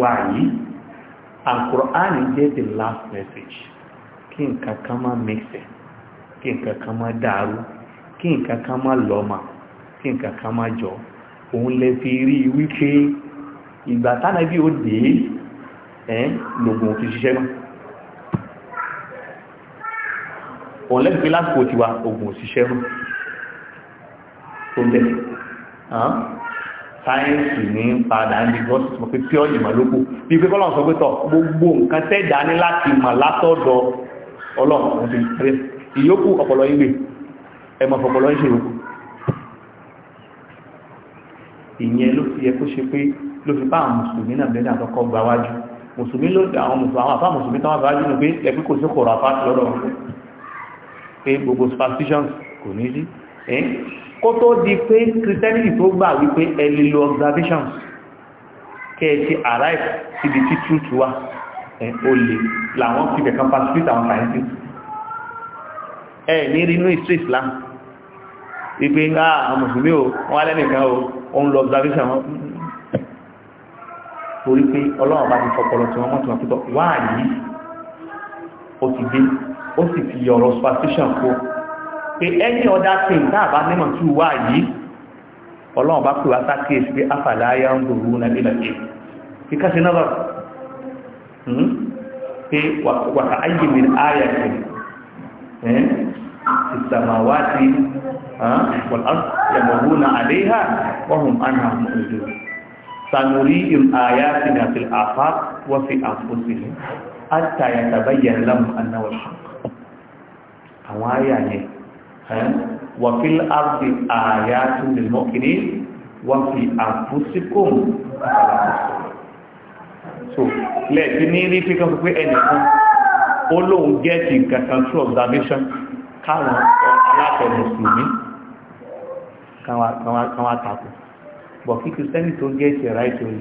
wa yìí and Quran jẹ́ the last message kí nǹkan kan kí nǹkan kan má dàrú kí nǹkan kan má lọ́mà kí nǹkan kan má jọ òun lè fi rí i wípé ìgbà tánàbí ó dé ẹ́ lògùn òfin ṣiṣẹ́ náà òun lẹ́gbẹ̀ẹ́ lásìkò tiwa ògùn òṣìṣẹ́ mú tó bẹ̀ sáyẹ́ǹsì ní padà ní gọ́ọ̀sì mọ̀ pé tí ó yìnbọn lókù bí pé kọ́lọ̀ sọ pé tọ̀ gbogbo nǹkan tẹ́jà ní láti mọ̀ látọ̀dọ̀ ọlọ́run ìyókù ọ̀pọ̀lọ ìgbè ẹmọ̀ ọ̀pọ̀lọ ń ṣe òkú ìyẹn ló fi ẹkó ṣe pé ló fi bá àwọn mùsùlùmí náà lẹ́dà tọ́kọ́ gba wájú mùsùlùmí ló dà àwọn mùsùlùmí àwọn àfá mùsùlùmí táwọn bá jù pé ẹ̀pí kò sí kòrò àfá lọ́dọ̀ pé gbogbo superstitions kò ní sí kó tó di pé christianity tó gbà wípé ẹ lè lo observations kẹ́ ẹ ti arrive síbi tí truth wà ó lè làwọn fi kẹ̀kan pacific àwọn scientists ẹ̀ ní rí inú islam wípé ah, àwọn mùsùlùmí o wọ́n alẹ́nìkan o òun lọ observation wọn torí pé ọlọ́run bá ti fọpọlọ tí wọ́n mọ́ tí wọ́n pítọ̀ wá yìí ó ti dé ó sì fi ọ̀rọ̀ superstition kó pé any other thing tá a bá nímọ̀ tí wá yìí ọlọ́run bá pè wá sákèésí pé àfàlà ayá ń gbòòrò náà nílẹ̀ yìí kíkà sí náà pé wàkà ayé mi ayà ẹ̀ في السماوات والأرض يمرون عليها وهم عنها مؤمنون سنريهم آياتنا في الآفاق وفي أنفسهم حتى يتبين لهم أنه الحق àwọn àyà yẹn wàfíl àti àyà tún lè mọ́kìní wàfí àfúsíkòm so lẹ́ẹ̀kí ní rí pé kan pé ẹnìkan ó lóun gẹ́ẹ̀kì kankan through observation káwọn aláṣẹ mùsùlùmí káwọn àtàkù bọ̀ kí kìrìsìtẹ́nì tó gẹ́ẹ̀tì ẹ̀rá ìtòrí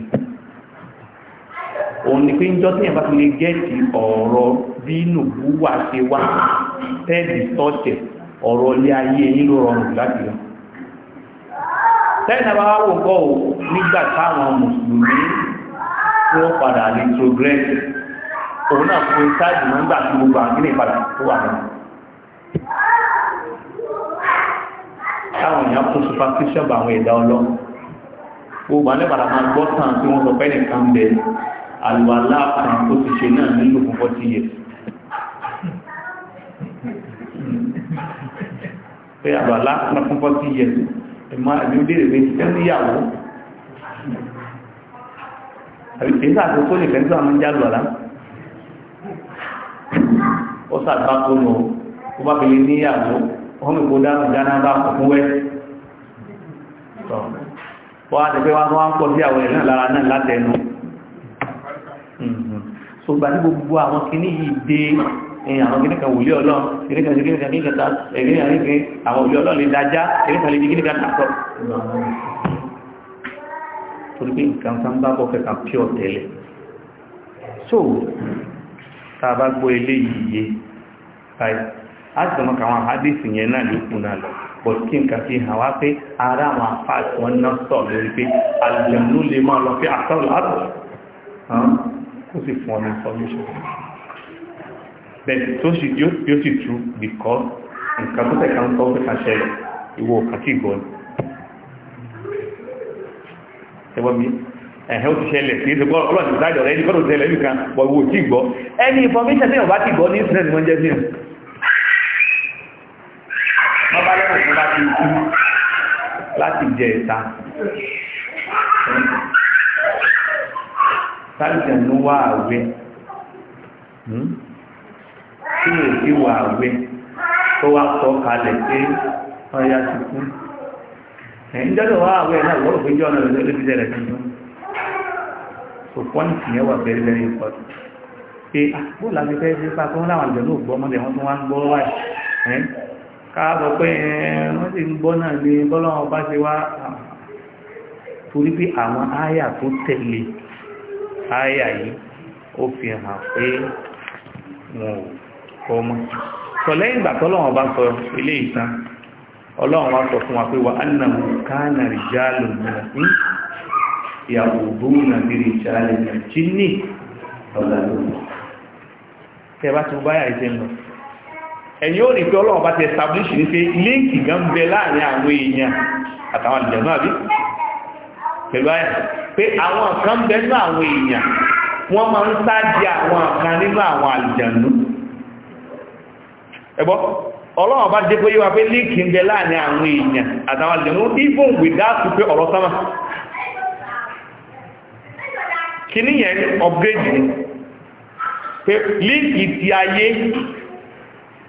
òun ni pé ń jọ tí yẹn fi lè gẹ́ẹ̀tì ọ̀rọ̀ bí nùbú ṣe wá tẹ́ẹ̀dì tọ́tẹ̀ ọ̀rọ̀ ilé ayé ló rọrùn láti lọ bá wò kọ́ nígbà táwọn mùsùlùmí tó padà ní progress òun táwọn èèyàn kó superstition bá àwọn ẹ̀dá ọlọ́ gbogbo àwọn ẹ̀bàdà máa gbọ́ tàn tí wọ́n sọ pé nìkan bẹ àlùwàlá kan tó ti ṣe náà nílò fún forty years pé àlùwàlá kan fún forty years ẹ̀ma ẹ̀mí ó dèrè pé ṣẹ́ níyàwó àbí kìí sáà tó tó lè fẹ́ẹ́ tó àwọn ìjà àlùwàlá ó sàgbà tó lọ ó bá fi lè níyàwó wọ́n mú ìkódá ìjáná bá kún wẹ́ wọ́n á ti pé wọ́n ń pọ̀ sí àwọn ẹ̀rìn lára náà látẹnu mhm. so gbà ní gbogbo àwọn kìíní yìí dé ẹ̀yìn eh, àwọn kìíní kan wòlé ọlọ́run kìíní kan sí kìíní kan kìíní kan ẹ̀rí eh, àríkẹ́ àwọn òlé ọlọ́run lè dájá kìíní kan lè di kìíní kan nàkọ́ torí pé nǹkan kan bá bọ́ kẹta pure tẹ́lẹ̀ so tá a bá gbọ́ eléyìí yé báyìí a sì tọmọ káwọn àdìsí yẹn náà ló kù náà lọ bọ̀ kí n kà fi hàn wá pé ara àwọn àfáàtì wọn náà sọ lórí pé àlùjẹ̀mú lè máa lọ pé àtọ́lù àtọ̀ kó sì fún ọ ní bẹ́ẹ̀ tó sì yóò sì tú because nǹkan tó tẹ̀ka ń sọ pé kà ṣẹlẹ̀ ìwọ òkà tí ìgbọ́ ni ẹgbọ́n mi ẹ̀hẹ́ ó ti ṣẹlẹ̀ sí ìṣẹ́gbọ́ ọlọ́dún ìdájọ́ rẹ̀ ẹni kọ́ information tí wọ́n bá ti gbọ́ ní ìlú láti kú láti jẹ ìta sáàjẹ̀ ló wà àwẹ́ tí ò sí wà àwẹ́ tó wá sọ kalẹ̀ pé wọ́n yá ti kú ẹ̀yìn jọ́dọ̀ àwẹ́ náà wọ́n fẹ́ jọ́ ọ̀nà lórílẹ̀ rẹ̀ tuntun so pọ́ǹtì yẹn wà very very important pé àpò làbẹ́fẹ́ sí pàtó láwọn àjọ ló gbọ́ mọ́lẹ̀ wọ́n tún wá ń gbọ́ wáyé káàbọ̀ pé wọ́n sì ń gbọ́ náà ní bọ́lọ́wọ́ bá ṣe wá torí pé àwọn áyà tó tẹ̀lé áyà yìí ó fi hàn pé wọn kọ́ mọ́ sọ ìgbà tọ́lọ́wọ́ bá sọ ilé ìtàn wá sọ fún wa pé wà ánàmù káànà rìjálù mìíràn ní ìyàwó mìíràn jí ẹ̀yìn ó rí pé ọlọ́run bá ti establish ní pé líǹkì gan bẹ láàrin àwọn èèyàn àtàwọn àlùjẹ̀nú àbí pẹ̀lú ayà pé àwọn kan bẹ nínú àwọn èèyàn wọ́n máa ń sáàdì àwọn kan nínú àwọn àlùjẹ̀nú ẹgbọ́ ọlọ́run bá dé pé yíwa pé líǹkì bẹ láàrin àwọn èèyàn àtàwọn àlùjẹ̀nú even without pé ọ̀rọ̀ sámà kí níyẹn upgrade ni pé líǹkì ti ayé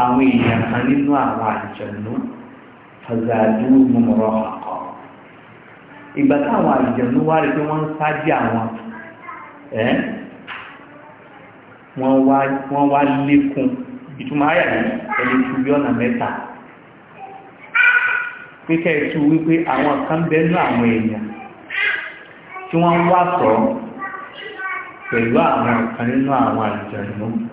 àwọn èèyàn kan nínú àwọn àjẹ̀nú fàzàdú mọ̀mọ̀rọ̀ àkọ́ ìgbà táwọn àjẹ̀nú wá rí pé wọ́n ń àwọn ẹ́ wọ́n wá lékún ìtumọ̀ ayà yìí ẹni tu bí ọ̀nà mẹ́ta wípé àwọn kan àwọn èèyàn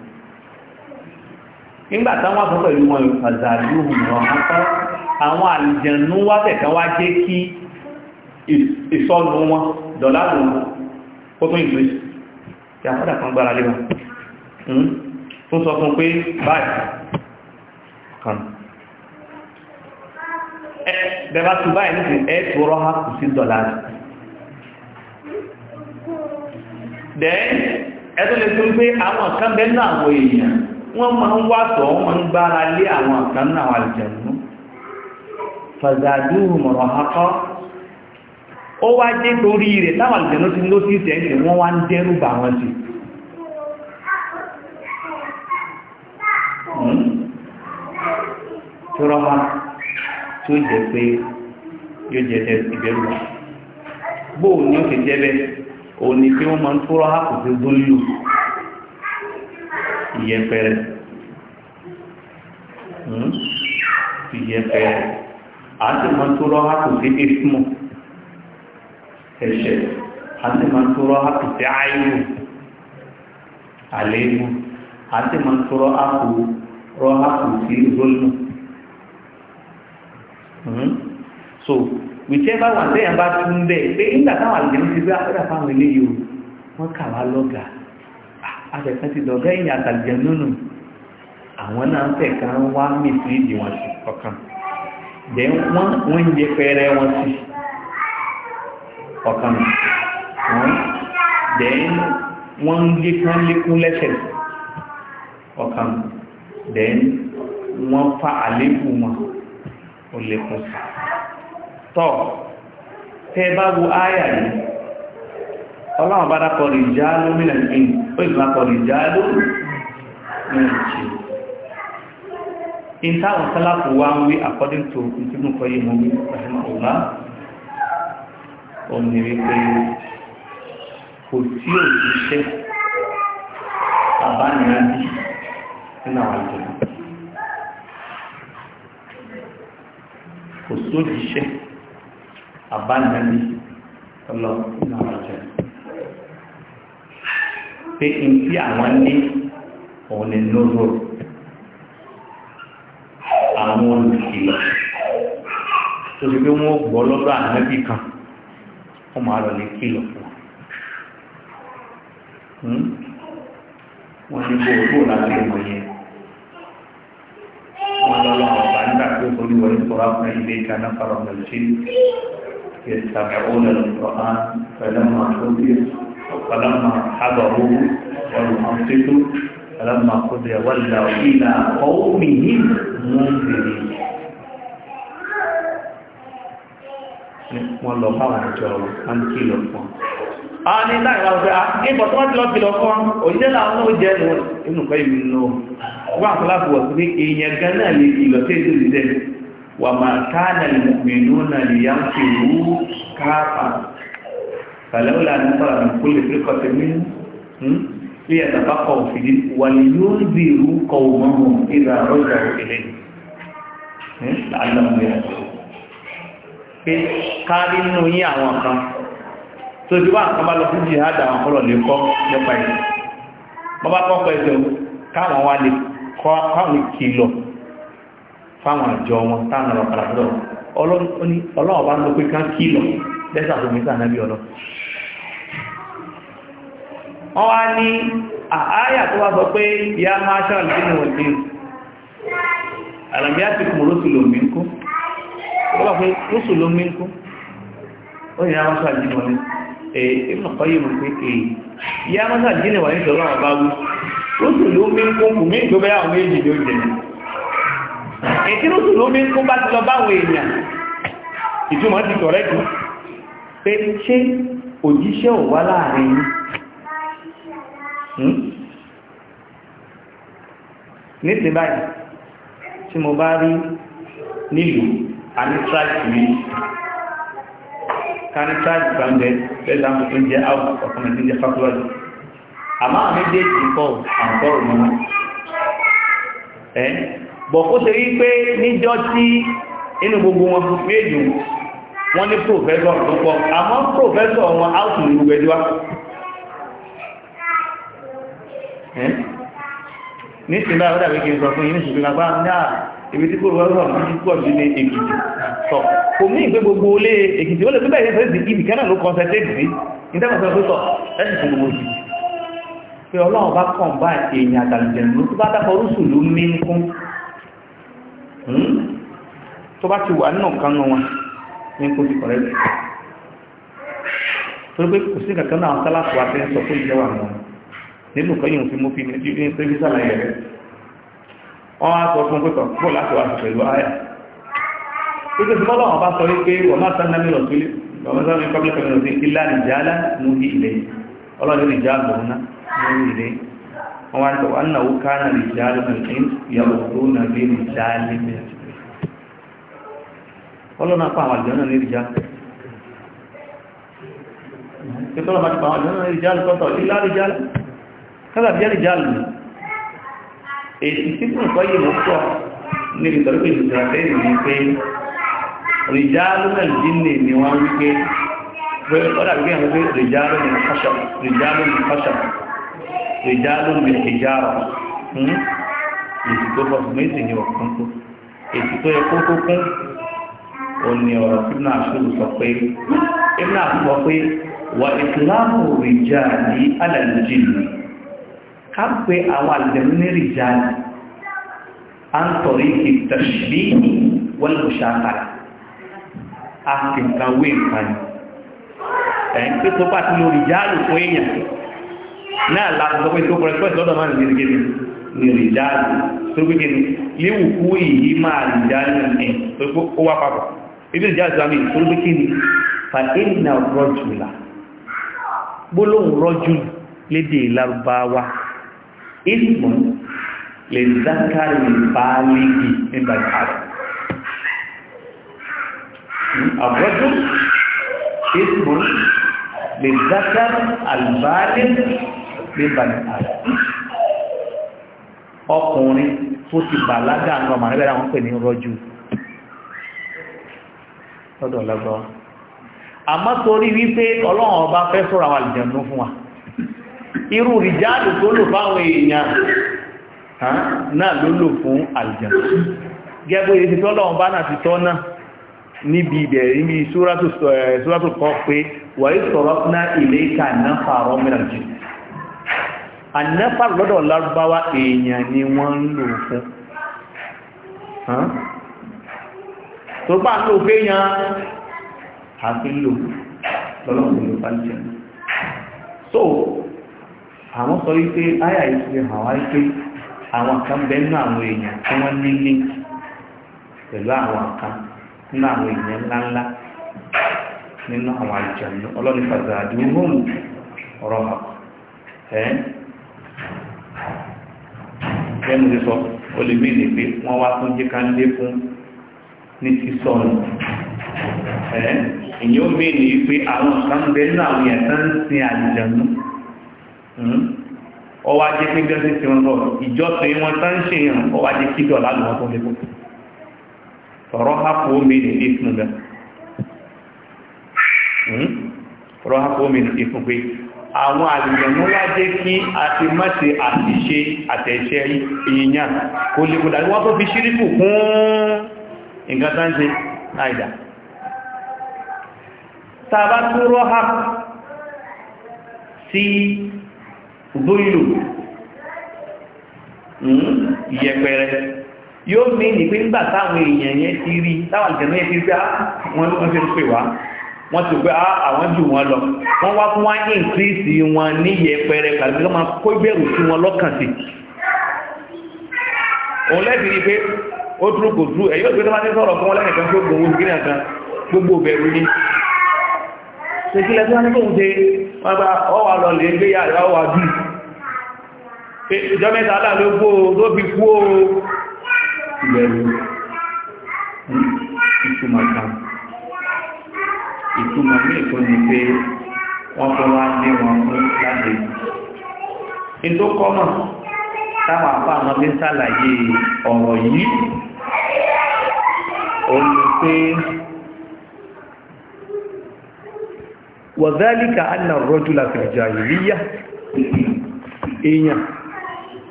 nígbà táwọn afọ pẹ̀lú wọn yóò fàzàlú ọ̀hún akọ́ àwọn àlìjẹ̀nú wá tẹ̀kan wá jẹ́ kí ìsọ́nù wọn dọ̀lá lò ó tún ìlú ìyàfọ́dà kan gbára lé wọn hmm? tún sọ fún pé báyìí kan bẹ̀bá tún báyìí ní ẹ̀ tó rọ́ ha kù sí dọ̀lá ẹ̀tọ́ lè tún pé àwọn kan bẹ́ẹ̀ náà wọ èèyàn wọ́n máa ń wàtọ̀ wọ́n ń gbára lé àwọn ọ̀kan náà àwọn àlùjẹ̀mú fàzàdúhù mọ̀rọ̀ akọ́ ó wá jẹ́ torí rẹ̀ táwọn àlùjẹ̀mú ti ló sí ìsẹ̀ǹsẹ̀ wọ́n wá ń dẹ́rù bà wọ́n sí hmm? tó jẹ́ pé yóò jẹ́ ìyẹpẹrẹ hmm? ìyẹpẹrẹ àti máa tó rọ́ hàtò sí ismu ẹ̀ṣẹ̀ àti máa tó rọ́ hàtò sí àìwò àléébù àti máa tó rọ́ hàtò rọ́ hàtò sí ìrólùmù hmm? so whichever one tẹ́yàn bá tún bẹ́ẹ̀ pé nígbà táwọn àlùjẹ́ ní ti gbé àpẹ́dà eléyìí o wọ́n kà wá lọ́gàá àtẹ̀kán ti dọ̀gá ìyìn àtàlìjẹ nínú àwọn náà ń tẹ̀ka ń wá mìtì ìdí wọn sí ọ̀kan jẹ́ wọ́n wọ́n ń yẹ pẹ́rẹ́ wọn sí ọ̀kan wọ́n jẹ́ wọ́n ń lé kán lékún lẹ́sẹ̀ ọ̀kan jẹ́ wọ́n fa àlékún wọn ó lékún sí tọ́ tẹ́ bá wo áyà yìí ọlọ́run bá dákọ̀ lè já lórí ẹ̀yìn ó ìgbà kọ̀ lè já lórí ẹ̀yìn in táwọn sálàpù wá according to ìtúnú kọ́ yìí mọ́ wí ọ̀lá òní wípé kò sí òṣìṣẹ́ àbánirádì nínú àwọn àjọ kò sí òṣìṣẹ́ àbánirádì ọlọ́ nínú àwọn àjọ pé n tí àwọn ní òun ni lóró àwọn olùkìlọ̀ tó ti pé wọ́n gbọ́ lọ́dọ̀ ànábì kan wọ́n máa lọ lè kìlọ̀ fún wọn hmm? ní bó bó láti lè mọ̀ yẹn wọ́n lọ́wọ́ àwọn ọ̀gá nígbà tí ó sọ ní sọ́ra fún ilé ìdáná fara ọ̀gá ìṣe yẹn sàmì ọ̀nà ìṣọ̀hán pẹ̀lú àwọn àtúntò فلما حضروا والمنطقوا فلما قضي ولوا إلى قومهم منذرين wọ́n lọ fáwọn àjọ wọn kí lọ fún a ní láìra ọ̀fẹ́ àkíkọ̀ tó wọ́n ti lọ kí lọ fún òṣìṣẹ́ láwọn ó jẹ́ ìnùkọ́ ìrìnà wọ́n àkọlápù wọ̀ sí èèyàn gan lè kí lọ sí lè mẹ́nu فلولا نفر من كل فرقة منهم ليتفقهوا في الدين ولينذروا قومهم إذا رجعوا إليه لعلهم يرجعون káàrí nínú yí àwọn kan tó ti wá nǹkan bá lọ fún jihad àwọn kọ́lọ̀ lè kọ́ nípa ẹ̀ bọ́bá kọ́ pẹ̀ tó káwọn wá lè kọ́ káwọn kìlọ̀ fáwọn àjọ wọn táwọn ọ̀pàdà ọlọ́wọ́ bá ń lọ pé ká kìlọ̀ lẹ́sà tó mi sànàbí ọlọ wọ́n wá ní àáyà tó wá sọ pé ya máa ṣáàlì nínú òní àlàmì àti kùn rọ́sùlòmínkú ó wá pé rọ́sùlòmínkú ó yìí ya máa ṣáàlì nínú òní ìmọ̀kọ́ yìí mọ̀ pé èyí ya máa ṣáàlì nínú òní tọ́lọ́ àbáwú rọ́sùlòmínkú kù mí ìgbóbẹ́ àwọn méjì ló jẹ ètí rọ́sùlòmínkú bá ti lọ báwọn èèyàn ìtumọ̀ ti kọ̀rẹ́kù pé ṣé òjíṣẹ́ ò wá láàrin yìí hmm? nítorí báyìí tí mo bá rí nílùú àní tíráìkì mi kárí tíráìkì bá ń bẹ bẹ́ẹ̀ dáhùn tó ń jẹ́ out ọkùnrin tó ń jẹ́ fákúlọ́dì àmọ́ àmì déjì kọ́ àǹkọ́rù mọ́ ẹ́ bọ̀ kó ṣe rí pé níjọ́ tí inú gbogbo wọn méjì wọ́n ní pòfẹ́sọ̀ tó pọ̀ àmọ́ pòfẹ́sọ̀ wọn áùtù ní gbogbo ẹjọ́ nísìnyí báyìí ó dàbí kí n sọ fún yín nísìnyí lápá náà ibi tí pòfẹ́sọ̀ ti pọ̀ jù ní èkìtì sọ kò ní ìgbé gbogbo olé èkìtì ó lè fi bẹ́ẹ̀ sẹ́sì ibì kan náà ló kọ́nsẹ̀tẹ́tì sí ní tẹ́kọ̀ọ́sẹ̀ pé sọ ẹ̀sì fún gbogbo òjì pé ọlọ́run bá kàn bá èèyàn àtàlùjẹ̀nu tó bá dákọ̀ rúṣù ló mí kún hmm? tó bá ti wà nínú kan wọn ní kó ti kọ̀rẹ́ jù torí pé kò sí kankan náà sálàkù àti sọ pé ìjẹwà náà nínú kan yóò fi mú fi ní ṣébí sàlàyé rẹ̀ wọ́n á sọ fún pẹ́tọ̀ bọ́ láti wá sí pẹ̀lú àyà pípẹ́ tí bọ́lá wọn bá sọ wípé wọ́n máa sáná mìíràn sílé wọ́n sáná mìíràn pọ́blẹ̀ kọ́mìíràn sí ilá nìjálá mú bí ilé ọlọ́run nìjá lọ́nà mú ilé wọ́n wá ń tọ́wọ́ annáwó ká náà nìjálá mẹ́rin ìyàwó tó náà bí nìjálá mẹ́rin ọlọ́nà pa àwọn àjọ náà ní ìrìjá tí tọ́lọ́ bá ti pa àwọn àjọ náà ní ìrìjá lọ́tọ̀ ilá ìrìjá kọ́lá ìrìjá ìrìjá lù èsì tí kò sọ yìí mọ́ sọ níbi tọ́lọ́ pé ìrìjá tẹ́lẹ̀ ní pé ìrìjá lọ́nà ìdíni ni wọ́n wí pé ọ̀dà wípé àwọn pé ìrìjá lọ́nà ìfọ́ṣọ̀ ìrìjá lọ́nà ìfọ́ṣọ̀ ó ní ọ̀rọ̀ tí náà ṣòro sọ pé ibùdó àṣọ pé wà ìsìláàmù rìjà ní alàlùjì ni ká pé àwọn àlùjẹ̀mú ní rìjà ni à ń tọ̀rí ìtàṣìbí wọ́n lè ṣàkàrà a sì ń kan wé nǹkan ni ẹ̀yìn pé tó bá ti lo rìjà lò fún èèyàn náà láti pé tó kọrẹ pẹ́ lọ́dọ̀ máa nìyẹn gẹ́gẹ́ ní rìjà lò tó gbé gẹ́gẹ́ ní léwu kú ìyí máa rìjà lò ní tó wá papọ̀ ibi ìjà ìsàmì ìtòlógbé kí ni fàdínà rọ́jùlá gbólóhùn rọ́jù lédè lárúbáwá ismon lè zákàrí báálígì nígbà ìpàdé àbọ́jú ismon lè zákàrí albáálígì nígbà ìpàdé ọkùnrin tó ti bàlágà àwọn ọmọ rẹ̀ bẹ́ra wọn pè ní rọ́jù lọ́dọ̀ lọ́gbọ́n àmọ́ torí wípé ọlọ́run ọba fẹ́ sọ̀rọ̀ àwọn àlìjẹ̀nú fún wa irú rìjáàdù tó lò fáwọn èèyàn náà ló lò fún àlìjẹ̀nú gẹ́gbẹ́ ìrètí tọ́lọ́run bá náà ti tọ́ náà níbi ìbẹ̀rẹ̀ níbi sóràtò eh, kọ́ pé wàí sọ̀rọ̀ náà ilé ìka náfààrọ̀ mìíràn jù ànáfààrọ̀ lọ́dọ̀ lárúbáwá èèyàn ni wọ́n ń lò fún tó bá ń lò fẹ́yàn àti lò lọ́lọ́pù ló bá so àwọn sọ wípé àyà ìṣẹ́ àwọn wípé àwọn kan bẹ nínú àwọn èèyàn tí wọ́n ní ní pẹ̀lú àwọn kan nínú àwọn èèyàn ńláńlá nínú àwọn àjẹ̀mú ọlọ́ni fàzà ọ̀rọ̀ ẹ̀ sọ olùmí ni pé wọ́n ní sísọ rẹ̀ ẹ̀yìn ó mìíràn yìí pé àwọn kan bẹ nínú àwọn èèyàn tó ń sin àjẹjẹ̀nú ọwọ́ ajé pé bí wọ́n ti sin wọn ìjọsìn wọn tó ń ṣe yàn ọwọ́ ajé kí dọ̀lá lọ́wọ́ tó lé kókò tọ̀rọ̀ hapò mìíràn yìí fún bẹ́ẹ̀ tọ̀rọ̀ hmm? hapò mìíràn yìí fún pé àwọn àjẹjẹ̀nú wá jẹ́ kí a ti má ṣe àṣìṣe àtẹ̀ṣẹ́ ìyìnyàn kò lè kó dàbí tó fi ṣíríkù fún nǹkan tán ṣe àìdá tàbá tún rọ́hà sí gbóyìlò ìyẹ̀pẹ̀rẹ̀ yóò mí ní pé nígbà táwọn èèyàn yẹn ti rí táwọn ìjẹ̀mẹ́ yẹn ti rí pé ah, wọ́n ló ń fi pè wá wọ́n ti pé ah, àwọn jù wọ́n lọ wọ́n wá fún wá ìnkírísì wọn ní ìyẹ̀pẹ̀rẹ̀ kàbí wọ́n kó ìbẹ̀rù sí wọn lọ́kàn sí òun lẹ́bìí pé ó dúró kò dúró ẹ̀yọ́ ìgbésẹ̀ máa ń sọ̀rọ̀ fún wọn lẹ́yìn kan tó gbòòwò ìgbìnà kan gbogbo bẹ̀rù ni ṣèkílẹ̀ tí wọ́n ní kóhun ṣe wọ́n bá ọwà lọ lè gbé yà rẹ̀ ọwà bí ìjọ mẹ́ta àdá ló gbó tó bí kú o ìbẹ̀rù ìtumọ̀ kan ìtumọ̀ ní ìtọ́ni pé wọ́n tó wá ní wọn fún láti ní tó táwọn àpá àwọn tí ń sàlàyé ọ̀rọ̀ yìí òní pé wàzálíkà anna rọ́jú láti jàìlíyà èèyàn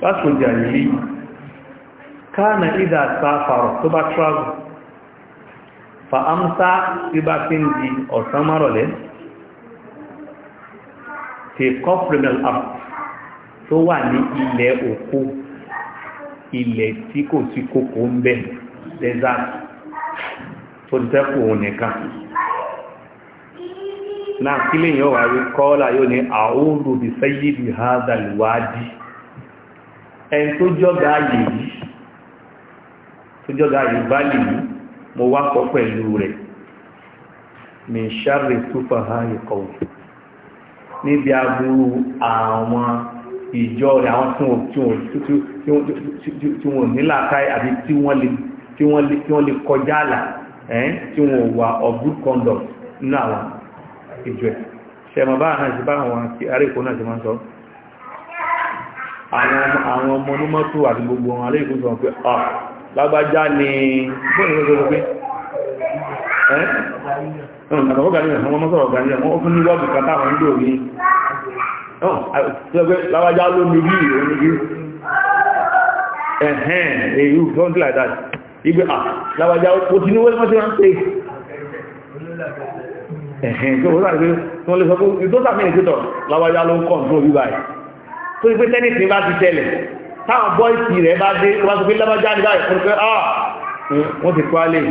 lásìkò jàìlí káàna ìdá sáfàrọ̀ tó bá travel fa amsa tí bá fi ń di ọ̀sán márọ̀lẹ́ ti kọ́pùrìmẹ̀l art tó wà ní ilẹ̀ òkú ilẹ̀ tí kò sí kòkó ń bẹ̀ desert tó ti fẹ́ kù òun nìkan náà kí lè yàn wà rí kọ́ọ́lá yóò ní àóòrò bí sẹ́yí bí hádàlùwádìí ẹni tó jọ́gá yìí tó jọ́gá yìí bá lè yìí mo wá kọ́ pẹ̀lú rẹ̀ mi ṣáre túfà ha ìkọ̀ níbi aburú àwọn ìjọ rẹ̀ àwọn tí wọ́n nílàkáì àbí tí wọ́n lè kọjá àlà ẹ̀ eh, tí wọ́n wà of conduct nínú ìjọ ẹ̀ ṣẹ̀mọ̀ bá àwọn àti náà ti máa ń sọ àwọn ọmọ onímọ́tò àti gbogbo wọn arékò sọ pé ọ ni bóyá eh? oh, ló Igwe ah láwàjá ó ti ní wọ́n tí wọ́n pè ẹ̀hìn to wọ́n sáré tó lè sọ pé tó sàmì ní títọ̀ láwàjá ló ń kọ̀ǹtró bíbá ẹ̀ tó ní pé tẹ́nìtì bá ti tẹ́lẹ̀ táwọn bọ́ìsì rẹ̀ bá dé wọ́n ah ti kwale lè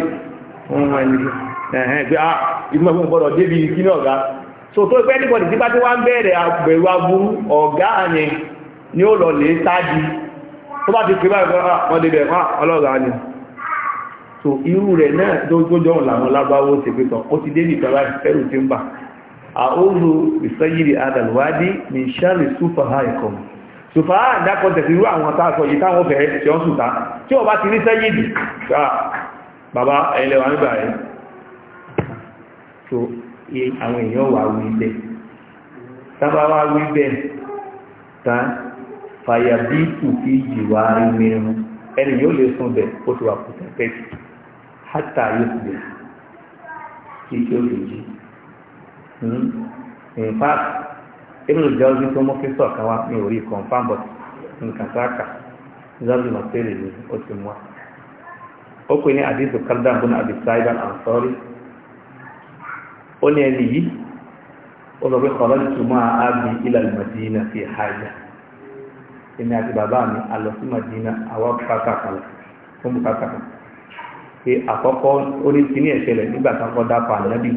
wọ́n ah ìgbìmọ̀ fún gbọ́dọ̀ débi so tó pé nígbọ̀dì tí bá tí wá ń bẹ̀rẹ̀ ni so irú rẹ̀ náà dójójọ́ làwọn lábáwó ti pé tán ó ti dé nìkan láti fẹ́rù tí ń bà àóòrò ìsẹ́yìrì adàlùwádìí ní sáré súfàá ẹ̀kọ́ sùfàá àdákọ̀ tẹ̀sí irú àwọn táàkọ̀ yìí táwọn fẹ̀ẹ́ tí ó sùta tí ó bá ti rí sẹ́yìdì bàbá ẹlẹ́wà nígbà rẹ̀ so àwọn èèyàn wà wí bẹ́ẹ̀ sábà wá wí bẹ́ẹ̀ tán fàyàbí tù fi jìwà rí mìíràn ẹni yóò lè sún bẹ́ẹ̀ ó ti wà kùtà pẹ́ẹ́tì hátà yóò fi kí tí ó fi jí hmm? in fact ibùdó jẹ́ ojú tó mú kí sọ̀kan wá ní orí confam but nǹkan sáàkà zazu masere ni ó ti mú wa ó pè ní àdíṣù kardam bún àbí saidan and sorry ó ní ẹni yìí ó sọ pé kọlọ́dìtù máa á bí ilà Madina fi hajjá èmi àti bàbá mi a sí Madina àwọn kàkàkà fún bùkàkà kan pé akọkọ onye ẹ̀ṣẹ̀lẹ̀ nígbà kan kọ́ dápọ̀ ànábì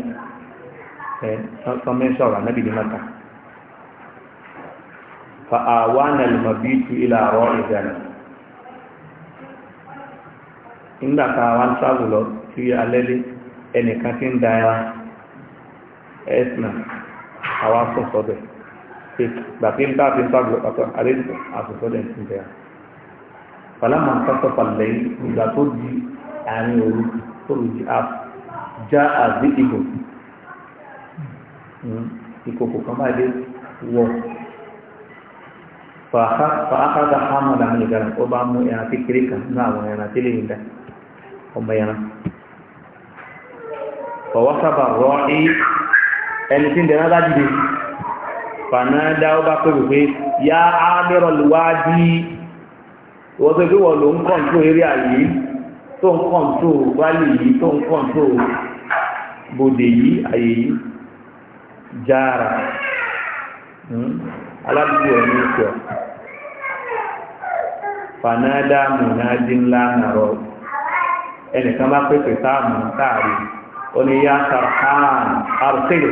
ẹ̀ sọ mẹ́ṣọ́ ọ̀rọ̀ ànábì ní mọ́ta fa àwa nàìjíríà bíi tu ilà àrọ́ ìdáná nígbà kan awa ń sáàbù lọ sí alẹ́lé ẹnìkan tí ń da ẹ̀sìn àwa sùn sọ́dọ̀ pé gbàtí ń bá fi ń sáàbù lọ pàtó àdéhùn àsùnsọ́dọ̀ ẹ̀sìn bẹ̀rẹ̀ fàlámà ń sọ́sọ́ ìgbà tó di àárín òru olùjì áàpù já àbí ìgò hmm, ìkòkò kan bá dé wọ fàákàtà hàmàdà ní ìgbà ó bá mú ẹran kékeré kan ní àwọn ẹran tí lè dá ọmọ ẹran rọ ní ẹni tí ń dẹ̀rán lájídé fànádá ó bá pẹ̀lú pé yá á mẹ́rọ̀ lùwádìí wọ́n tó gbé ló ń kọ́ tó ń kọ̀ǹtò wálé yìí tó ń kọ̀ǹtò bòdè yìí àyè yìí jára hmm? aládùúgbò ẹni ìṣọ fanada munadi ńlá nàrọ ẹnìkan bá pèpè sáàmù káàrí ó ní yá sarhan arsèlè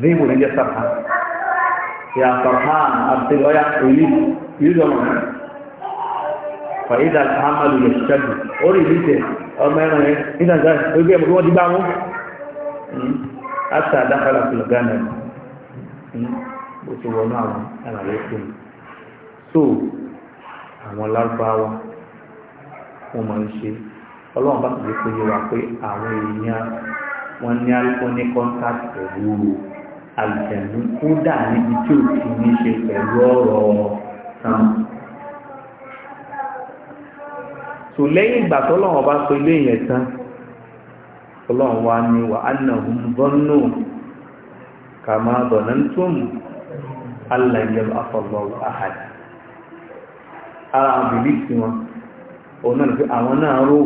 zimu ní jẹ sarhan yá sarhan arsèlè òyìn yìí dọ̀nà fàyídà hamalu yẹ ṣẹ́dù orí ìlítẹ̀ ọmọ ẹran ẹ nígbàgbà orí ẹmọ wọ́n dígbà wọn áta hmm. dákàlà fún ghana hmm. ó ti wọnú àwọn so àwọn lárúbáwá wọn máa ń ṣe ọlọ́run bá tẹ̀lé pé yẹwà pé àwọn èèyàn wọn ní alùpùpù ní contact pẹ̀lú àlùjẹ̀mú kódà tò lẹ́yìn ìgbà tọ́lọ́wọ́n bá sọ ilé yẹn tán ọlọ́run wa ni wà á nà ń bọ́nù kà máa bọ̀nà tún aláyẹ̀lú afọ̀gbọ̀ àhàdì ara àbìlì sí wọn òun náà fi àwọn náà rò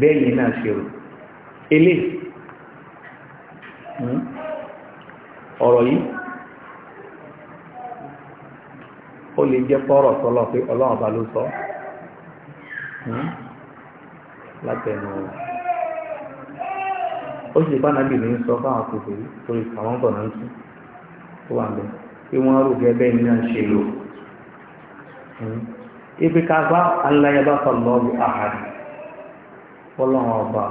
bẹ́yìn náà ṣe rò ilé hmm, ọ̀rọ̀ yìí ó lè jẹ́ pọ́rọ̀ sọ́lọ́ pé ọlọ́run bá ló sọ ọ́ Hmm? látẹnu ó sì bá nàbì ní sọ fáwọn kòkò yìí torí àwọn kan náà ń tún tó wà bẹ pé wọn rò gẹ́gẹ́ ní náà ṣe lò hmm? ibi ká bá aláyàbá fọlọ́ọ̀bù àhàdì fọlọ́ọ̀hún ọba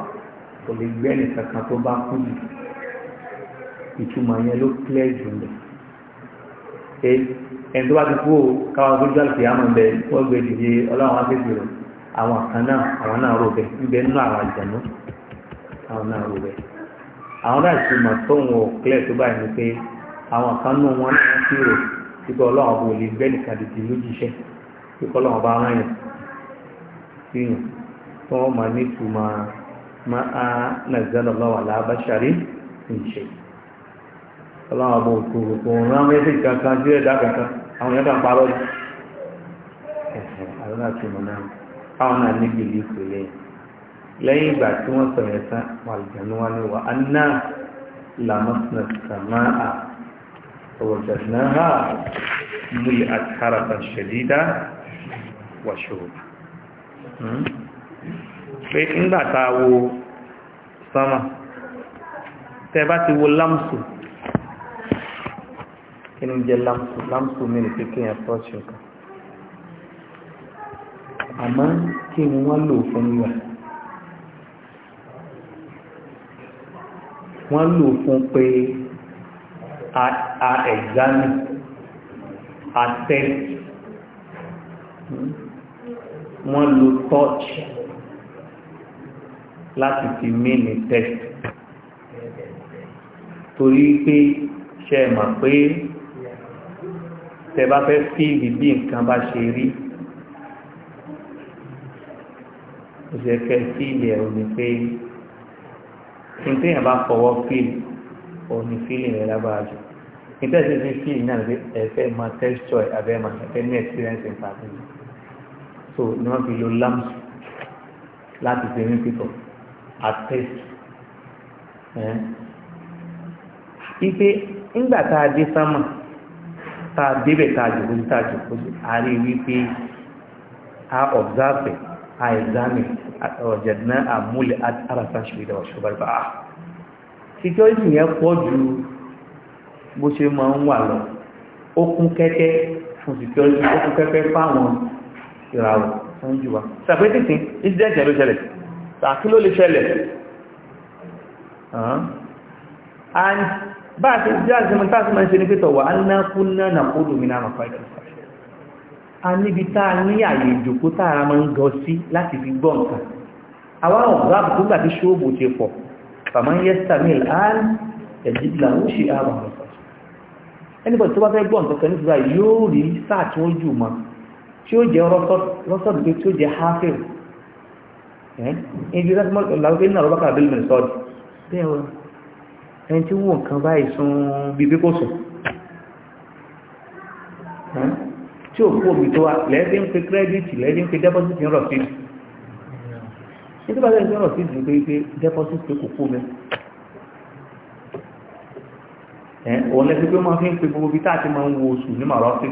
kò lè gbẹ́ni kankan tó bá kú jù ìtumọ̀ yẹn ló kílẹ̀ jù lọ ẹni tó bá ti kú o káwọn tó jọ àlùfíà mọ̀ wọ́n gbé dìde ọlọ́run á rẹ̀. àwọn kan náà àwọn náà rò bẹ́ẹ̀ níbẹ̀ nínú àwọn àjẹnú àwọn náà rò bẹ́ẹ̀ àwọn náà ti mọ̀ tó wọn ò clear tó báyìí ni pé àwọn kan nù wọn náà ti rò pípẹ́ ọlọ́run bò lè gbẹ́ nìkan lójúṣẹ́ pípẹ́ bá tó wọ́n máa ní ìtumọ̀ lọ́wọ́ ìṣe bò kò kò rán kankan sí ẹ̀dá kankan àwọn yẹn kàn àwọn náà ti mọ̀ náà. káwọn náà níbi ìlú ìfòyẹ́ lẹ́yìn ìgbà tí wọ́n sọ yẹn tán wàlùjẹ̀nu wa ni wà á ná làmọ́sánà sàmáà ọ̀rọ̀jẹ̀náà múlẹ̀ àtàràtà ṣẹ̀dídá wàṣọ. Hmm? pé ńgbà tá a wo sánmà tẹ bá ti wo lámsù kí ni jẹ́ lámsù lámsù mi ni pé kéèyàn fọ́ọ̀ṣù kan àmọ́ kí wọ́n lò fún wà wọ́n lò fún pé a examine a test wọ́n lò touch láti fi mini test torí pé ṣe mọ̀ pé tẹ bá fẹ́ fíìlì bí nǹkan bá ṣe rí ṣe fẹ́ sí ilẹ̀ ò ní pé ìtẹ̀yìn bá fọwọ́ fíìlì ò ní fíìlì rẹ̀ lágbára jù ìtẹ̀sí sí fíìlì náà lè ẹ̀fẹ́ máa tẹ́sítọ̀ abẹ́ máa ẹ̀fẹ́ ní experience in person so ni wọ́n fi lo lamps láti ṣe ní pípọ̀ attest ipe ńgbà tá a dé sámà tá a débẹ̀ tá a jòkó sí tá a jòkó sí a rí wípé a observe a examine àtọ̀jẹ̀dínà àmúlẹ̀ àtàràsáṣù ìdàwà ṣọ́bàrìbà á security yẹn pọ̀ ju bó ṣe máa ń wà lọ ó kún kẹ́kẹ́ fún security ó kún kẹ́kẹ́ fáwọn ìràwọ̀ tó ń jù wá sàpétìtì incident ló ṣẹlẹ̀ tàkí ló lè ṣẹlẹ̀ and bá a ṣe jẹ́ àṣìmọ̀ tá a ṣe máa ń ṣe ní pẹ́tọ̀ wà á ná kú náà nà kó dòmìnà àmàkọ́ a níbi tá a ní àyè ìjòkó tá a máa ń gọ sí láti fi gbọ́ nǹkan àwa ọ̀gá àbùkù gbà tí ṣóòbù ti pọ̀ fàmá yẹ́sítà míl án ẹ̀jìdìlà ó ṣe àrùn ọ̀sán ẹnìbọ̀dì tó bá fẹ́ gbọ́ nǹkan kan nígbà yóò rí sáà tí wọ́n jù mọ́ tí ó jẹ́ rọ́sọ̀dù pé tí ó jẹ́ hafiz ẹ̀yìn ìjọba mọ́ làwọn ẹ̀yìn àrọ́bá kan abẹ́lẹ̀ sọ́ọ̀dì tí o kó omi tó wa lẹ́ẹ̀dín pé kírẹ́dìtì lẹ́ẹ̀dín pé dẹ́pọ́sìtì ń rọ̀ sí i nígbà tí ń rọ̀ sí i pé pé dẹ́pọ́sìtì kò kó mi ẹ̀ òun lẹ́sí pé wọ́n fi ń pe gbogbo bí táà ti máa ń wo oṣù ní màrọ́sì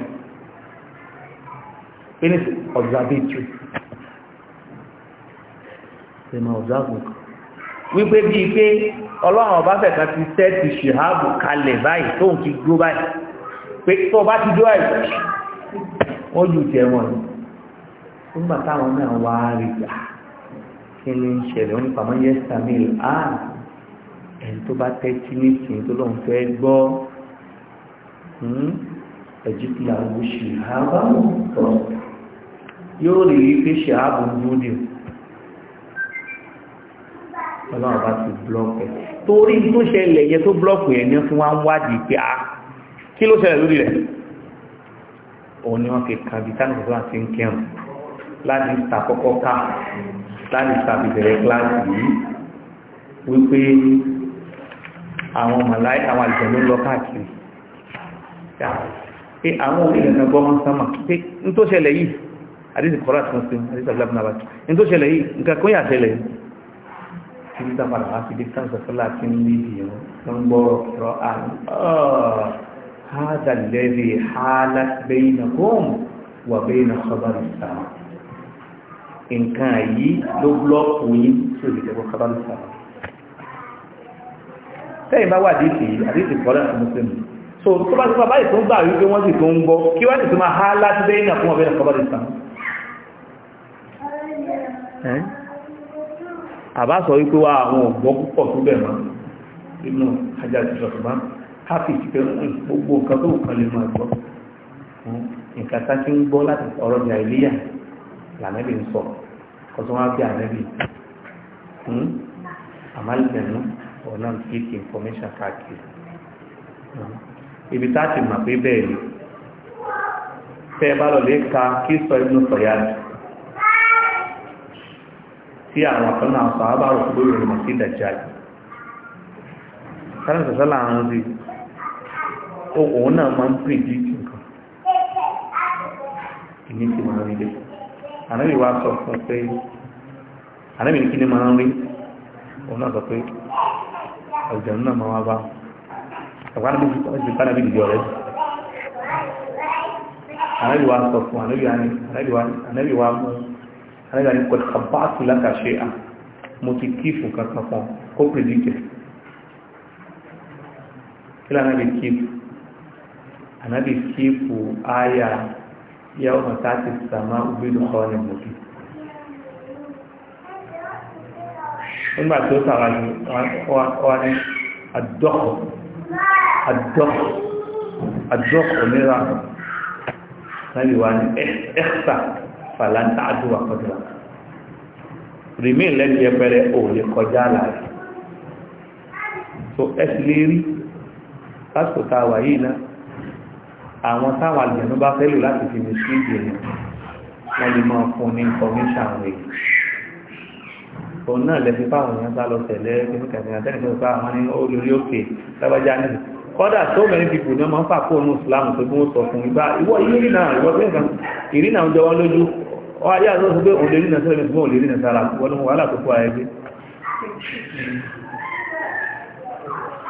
penis observatory ṣe máa observe wípé bíi pé ọlọ́run ọba fẹ̀ka ti sẹ́ẹ̀tì ṣèhábù kalẹ̀ báyìí tóun ti dúró báyìí pé tó o bá ti dúró báyìí wọ́n ju tiẹ̀ wọn ni nígbà táwọn náà wá rí gbà ah, kí ni ń ṣẹlẹ̀ wọn pàmò yẹ samil a ah, ẹni tó bá tẹ́tí nísìnyí tó lóun fẹ́ gbọ́ hmm, ẹ̀jú ti àwọn ṣìhábà tọ̀ yóò rí i pé ṣìhábà ń dúró dì ọlọ́run bá ti blọ́ọ̀kì ẹ̀ torí tó ṣẹlẹ̀ yẹ tó blọ́ọ̀kì ẹ̀ ní fún wa ń wádìí pé a ah, kí ló ṣẹlẹ̀ lórí rẹ̀ òun ni wọ́n fi kan bí tánù tó wà sí ń kírun láti ìtàkọ́kọ́ ká láti ìtàbìbẹ̀rẹ̀ kíláàsì yìí wípé àwọn màláì àwọn àjẹ́ ló ń lọ káàkiri pé àwọn orílẹ̀ kan gbọ́ wọn sánmà pé n tó ṣẹlẹ̀ yìí àdíṣe kọ́lá tí wọ́n fi àdíṣe àbúlá bùnà bàtí n tó ṣẹlẹ̀ yìí nǹkan kó yà ṣẹlẹ̀ tí ní sábà هذا الذي حالت بينكم وبين خبر الساعة إن كان يي لو بلوك وين سوري لو خبر الساعة sẹ́yìn bá wà dìtì àdìtì kọ́lá muslim so tó bá tó bá ìtún gbà wípé wọ́n sì tó ń gbọ́ kí wá sì tó máa há láti bẹ́yìn àkún ọ̀bẹ́ ìkọ́bá ìsàn àbá sọ wípé wá àwọn ògbọ́ púpọ̀ tó bẹ̀ mọ́ inú ajá ìjọsùn máa káfíìsì pé gbogbo nǹkan tó nǹkan lè máa gbọ́ hmm. nǹkan tá ti ń gbọ́ láti ọ̀rọ̀ ìyá iléyà lànàbì ń sọ kó tó wá bí ànàbì hmm. àmàlìjẹ̀nu ọ̀nà fíìkì information káàkiri hmm. ibi tá a ti mà pé bẹ́ẹ̀ ni tẹ́ ẹ bá lọ lè ka kí sọ inú sọ̀yà tí àwọn kan náà sọ àbárò gbóòrò mọ̀ sí ìdàjà yìí. Sáyẹ̀nsì sọ́là ń rí i òun náà máa ń predict nǹkan ìní ti máa ń rí lé ànábì wa sọ fún pé ànábì ní kí ni máa ń rí òun náà sọ pé àwùjọ náà máa wá bá ẹ̀wọ́n ànábì ti sọ́ọ́ ìgbà ànábì dìde ọ̀rẹ́ ànábì wa sọ fún ànábì wa mú ànábì wa ní kọ́ kábàtù lákàṣe à mo ti kí fún kankan fún kó predict kí lànà lè kí fún ànábì kíkù áyà yà ọmọ táàtì sàmà òbílù kọ́ni mọ̀bí nígbà tó sàrà ní wọ́n ní àdọ́kọ̀ àdọ́kọ̀ àdọ́kọ̀ mìíràn ànábì wà ní ẹ̀ẹ́sà fàlàntà àdúrà kọjá rìmí lẹ́nu ẹgbẹ̀rẹ̀ ò lè kọjá láàrin so ẹ̀sì lè rí lásìkò tá a wà yìí náà àwọn táwọn àlùjẹ̀nú bá fẹ́ lò láti fi mislead èèyàn wọ́n lè máa fún ní information rẹ̀ òun náà lẹ́fi fáwọn èèyàn sá lọ tẹ̀lé kíníkà ah, ní àtẹ́nìkan pé àwọn ní olórí òkè lábájá ní kọ́dà tó many people ní ọmọ ń fà kó òun Islam tó bí wọ́n sọ fún ìgbà ìwọ ìrírí náà ìwọ bẹ́ẹ̀ kan ìrírí náà jọ wọ́n lójú ọ ayé àti ọ̀sán pé òun lè rí náà sẹ́lẹ̀ fún òun lè rí náà sára wọ́n ní wàhálà tó kó ayé gbé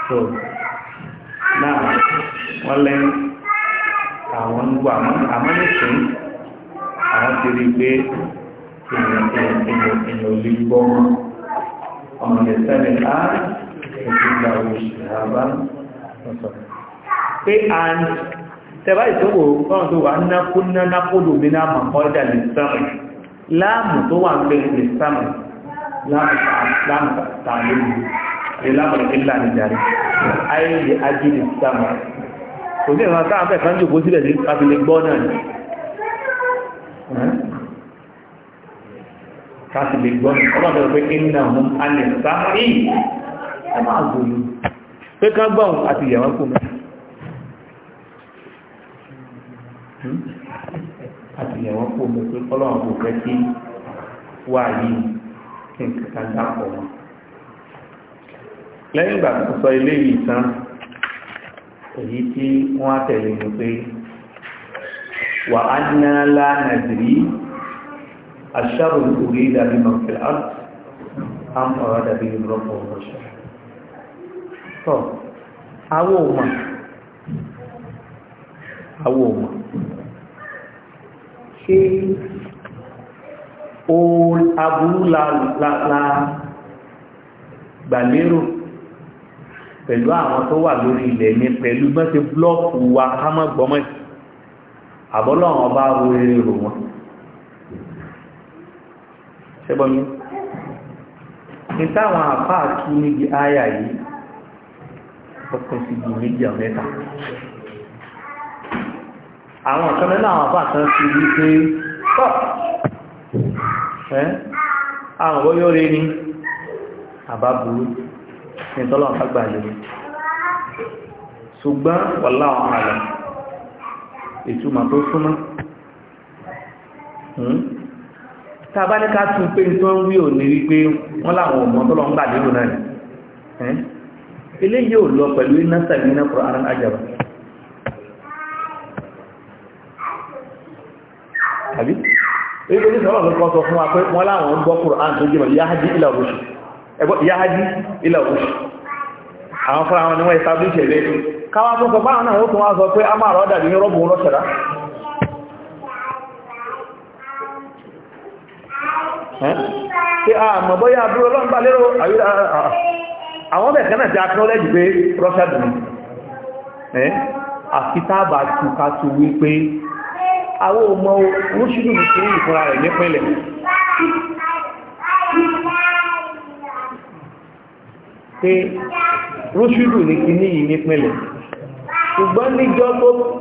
so now wọ́n lẹ́yìn àwọn ń gbọ́ àmọ́ nìsín àwọn ti rí pé èèyàn ò lè gbọ́ ọmọ ìsẹ́lẹ̀ á ètò ìgbà òṣì àbá ọ̀sọ̀ pé and tẹ̀bá ìṣòwò kọ́nà tó wà nákúnná nákúlù mi náà mọ̀ ọ́dà lè sáàmù láàmù tó wà ń pè lè sáàmù láàmù tààlù lè láàmù ìlànà ìdarí ayé lè kò ní ìran káàkẹ́ kan jòkó sílẹ̀ sí káfílẹ̀ gbọ́ náà ni káfílẹ̀ gbọ́ ni ọlọ́dọ̀ pé kí nínú àwọn alẹ̀ sáàrí ẹ máa gbòòrò pé ká gbọ́n àti ìyàwó kò mẹ́ àti ìyàwó kò mẹ́ pé ọlọ́run kò fẹ́ kí wà yìí kí n kàkà dápọ̀ lẹ́yìn ìgbà tó sọ ilé yìí tán èyí tí wọ́n á tẹ̀lé ní pé wà á ná lánàdìrí aṣáàrò orí ìdàbí mọ̀fẹ́lá am ọ̀rọ̀ dàbí ìrọ́pọ̀ ọ̀ṣọ́ tọ́ awó ọmọ awó ọmọ ṣé o aburú la gbàlérò pẹ̀lú àwọn tó wà lórí ilẹ̀ ní pẹ̀lú bọ́n ṣe búlọ́ọ̀kù wa ká mọ́ gbọ́mọ́ yìí àbọ́lọ́run ọba wo eré rò wọn ṣẹ́gbọ́n mi ní táwọn àfáà tú níbi áyà yìí ọkùn sí ibi méjì àwọn mẹ́ta àwọn ọ̀kan mẹ́ta àwọn àfáà kan sí ibi pé tọ́ ẹ́ àwọn ọ̀bọ́ yóò rí àbá burú ìtọ́lọ̀ àgbà lórí ṣùgbọ́n wọ́lá ọ̀hàlẹ̀ ìtumà tó súnmọ́ hmm? tàbá tún pé tó ń wí òní wípé wọ́n láwọn ọmọ tọ́lọ̀ ń gbà lérò náà ilé yóò lọ pẹ̀lú iná sẹ̀mí iná kọ̀rọ̀ ara ajẹ́bà tàbí ilé ìsọ̀rọ̀ lọ́kọ́ sọ fún wa pé wọ́n láwọn gbọ́ jẹ́ ẹgbọ́ ilẹ̀ òṣù àwọn fúnra wọn ni wọ́n establish káwà tó sọ báwọn náà ó tún wá sọ pé a máa rọ́ dàbí ní rọ́bùn lọ́ṣẹ̀dá tí a mọ̀ bóyá abúrò lọ́nbà lérò àwọn bẹ̀ẹ̀kẹ́ náà ti akọ́lẹ́jì pé rọ́ṣẹ̀dù àfitábà tùkátù wípé àwọn ọmọ oṣìlú ìfúnra rẹ̀ nípínlẹ̀ pé rúṣùdù ní kíní yìí nípìnlẹ̀ ṣùgbọ́n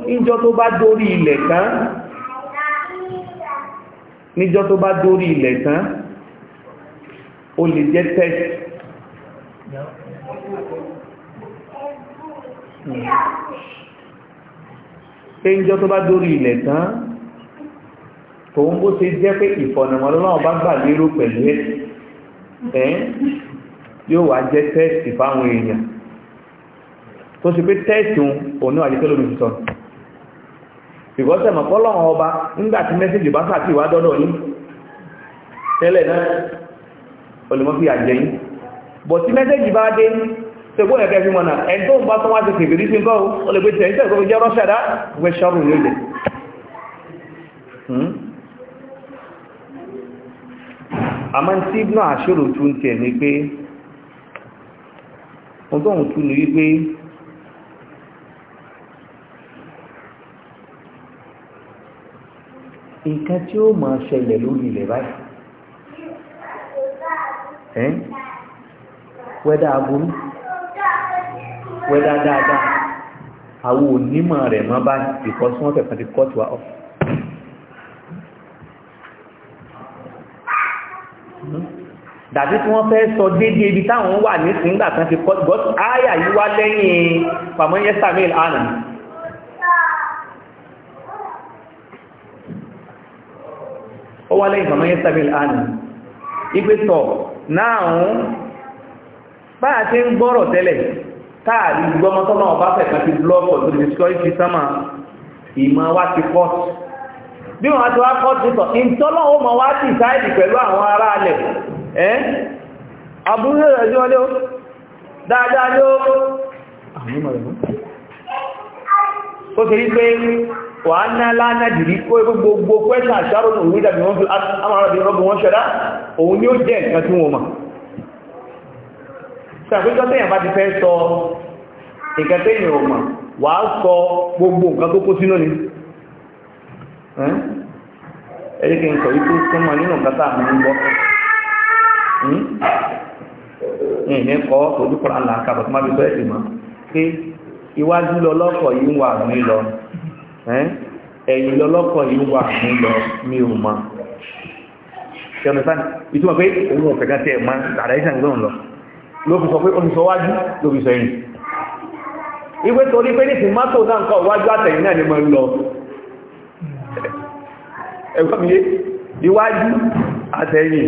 níjọ́ tó bá dórí ilẹ̀ tán níjọ́ tó bá dórí ilẹ̀ tán ó lè jẹ́ test pé níjọ́ tó bá dórí ilẹ̀ tán tòun bó ṣe jẹ́ pé ìfọ̀nàmọ́lọ́wọ́ bá gbà lérò pẹ̀lú ẹ̀ yóò wá jẹ́ tẹ́ẹ̀sì fáwọn èèyàn tó ṣe pé tẹ́ẹ̀sì òun àti tẹ́lómi tuntun ìgbọ́sẹ̀ mọ̀kọ́lọ́wọ́ ọba nígbàtí mẹ́sẹ̀jì bá sàtì wá dọ́dọ̀ ní tẹ́lẹ̀ náà olùmọ́fí àjẹyìn bọ̀ tí mẹ́sẹ̀jì bá dé tẹ́gbọ́n ẹ̀kẹ́ fi mọ̀nà ẹn tó ń bá tán wá ti kèfèrí sí nǹkan ó lè gbé tẹ̀yìn tẹ́ẹ̀kọ́ fi jẹ́ rọ́ṣà dá wẹ́ ṣọ́rù yóò jẹ́ hmm? àmọ́ tí ibùnà àṣírò tún ọgọ́rùn-ún tún ní wípé nǹkan tí ó máa ṣẹlẹ̀ lórí ilẹ̀ báyìí ẹ́ wẹ́dá aburú wẹ́dá dáadáa àwọn onímọ̀ rẹ̀ mọ́ báyìí because wọ́n ti kọ́ tiwa off. dàbí tí wọ́n fẹ́ sọ déédéé ibi táwọn wà nígbà kan ti kọ́ gọ́t áyà yìí wá lẹ́yìn pàmọ́yẹ́ samuel anna ó wá lẹ́yìn pàmọ́yẹ́ samuel anna ipé tọ̀ náà bá a ti ń gbọ́rọ̀ tẹ́lẹ̀ táàrí gbọ́mọ́tọ́nà ọba fẹ̀kan ti blọ́ọ̀kọ̀ tó ti sọ ìfi sánmà ìmọ̀ wá ti pọ̀ bí wọ́n ti wá pọ̀ ti tọ̀ ìtọ́lọ́wọ́ mọ̀ wá ti sáìdì pẹ̀lú àwọn ará alẹ̀ ẹ́ eh? abúrú rẹ̀ ní ọlé o, dáadáa ní ó ṣe rí pé wà ná kó gbogbo pẹ́sà ní ìdàbí wọ́n fi bí wọ́n ṣẹ́dá òun ni ó jẹ́ tí wọ́n mọ̀ tẹ́yàn bá ti fẹ́ sọ gbogbo nǹkan tó kó sínú ni ìní hmm? kọ́ ojú kọ́ra ńlá ká bọ̀tí má fi bẹ́ẹ̀ sì mọ́ pé iwájú lọ́lọ́kọ̀ yìí ń wà mí lọ ẹ̀yìn lọ́lọ́kọ̀ yìí ń wà mí lọ mi ò mọ̀ ṣẹ́nu sáà ìtumọ̀ pé òun ò kẹ̀kẹ́ tẹ̀ mọ́ àdáyé sàǹgbọ́n lọ ló fi sọ pé oníṣọ́wájú ló fi sọ ẹ̀yìn ìwé torí iwájú àtẹ̀yìn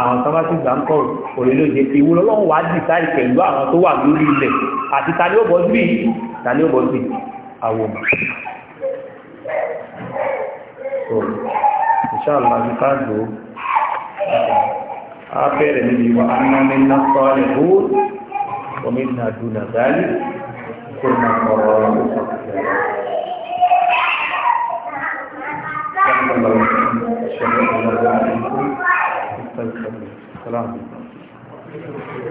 àwọn tó bá ti gbà ń kọ̀ òrìlóye ti wúlọ lọ́wọ́ wá dì sáì pẹ̀lú àwọn tó wà lórí ilẹ̀ àti tani ó bọ́ sí tani ó bọ́ sí àwọn so inshallah ti ká lò ó á bẹ̀rẹ̀ níbi wa anáni lásán rẹ̀ ó omi nàdúnà dálí kó nà ọ̀rọ̀ ọ̀rọ̀ Thank you. السلام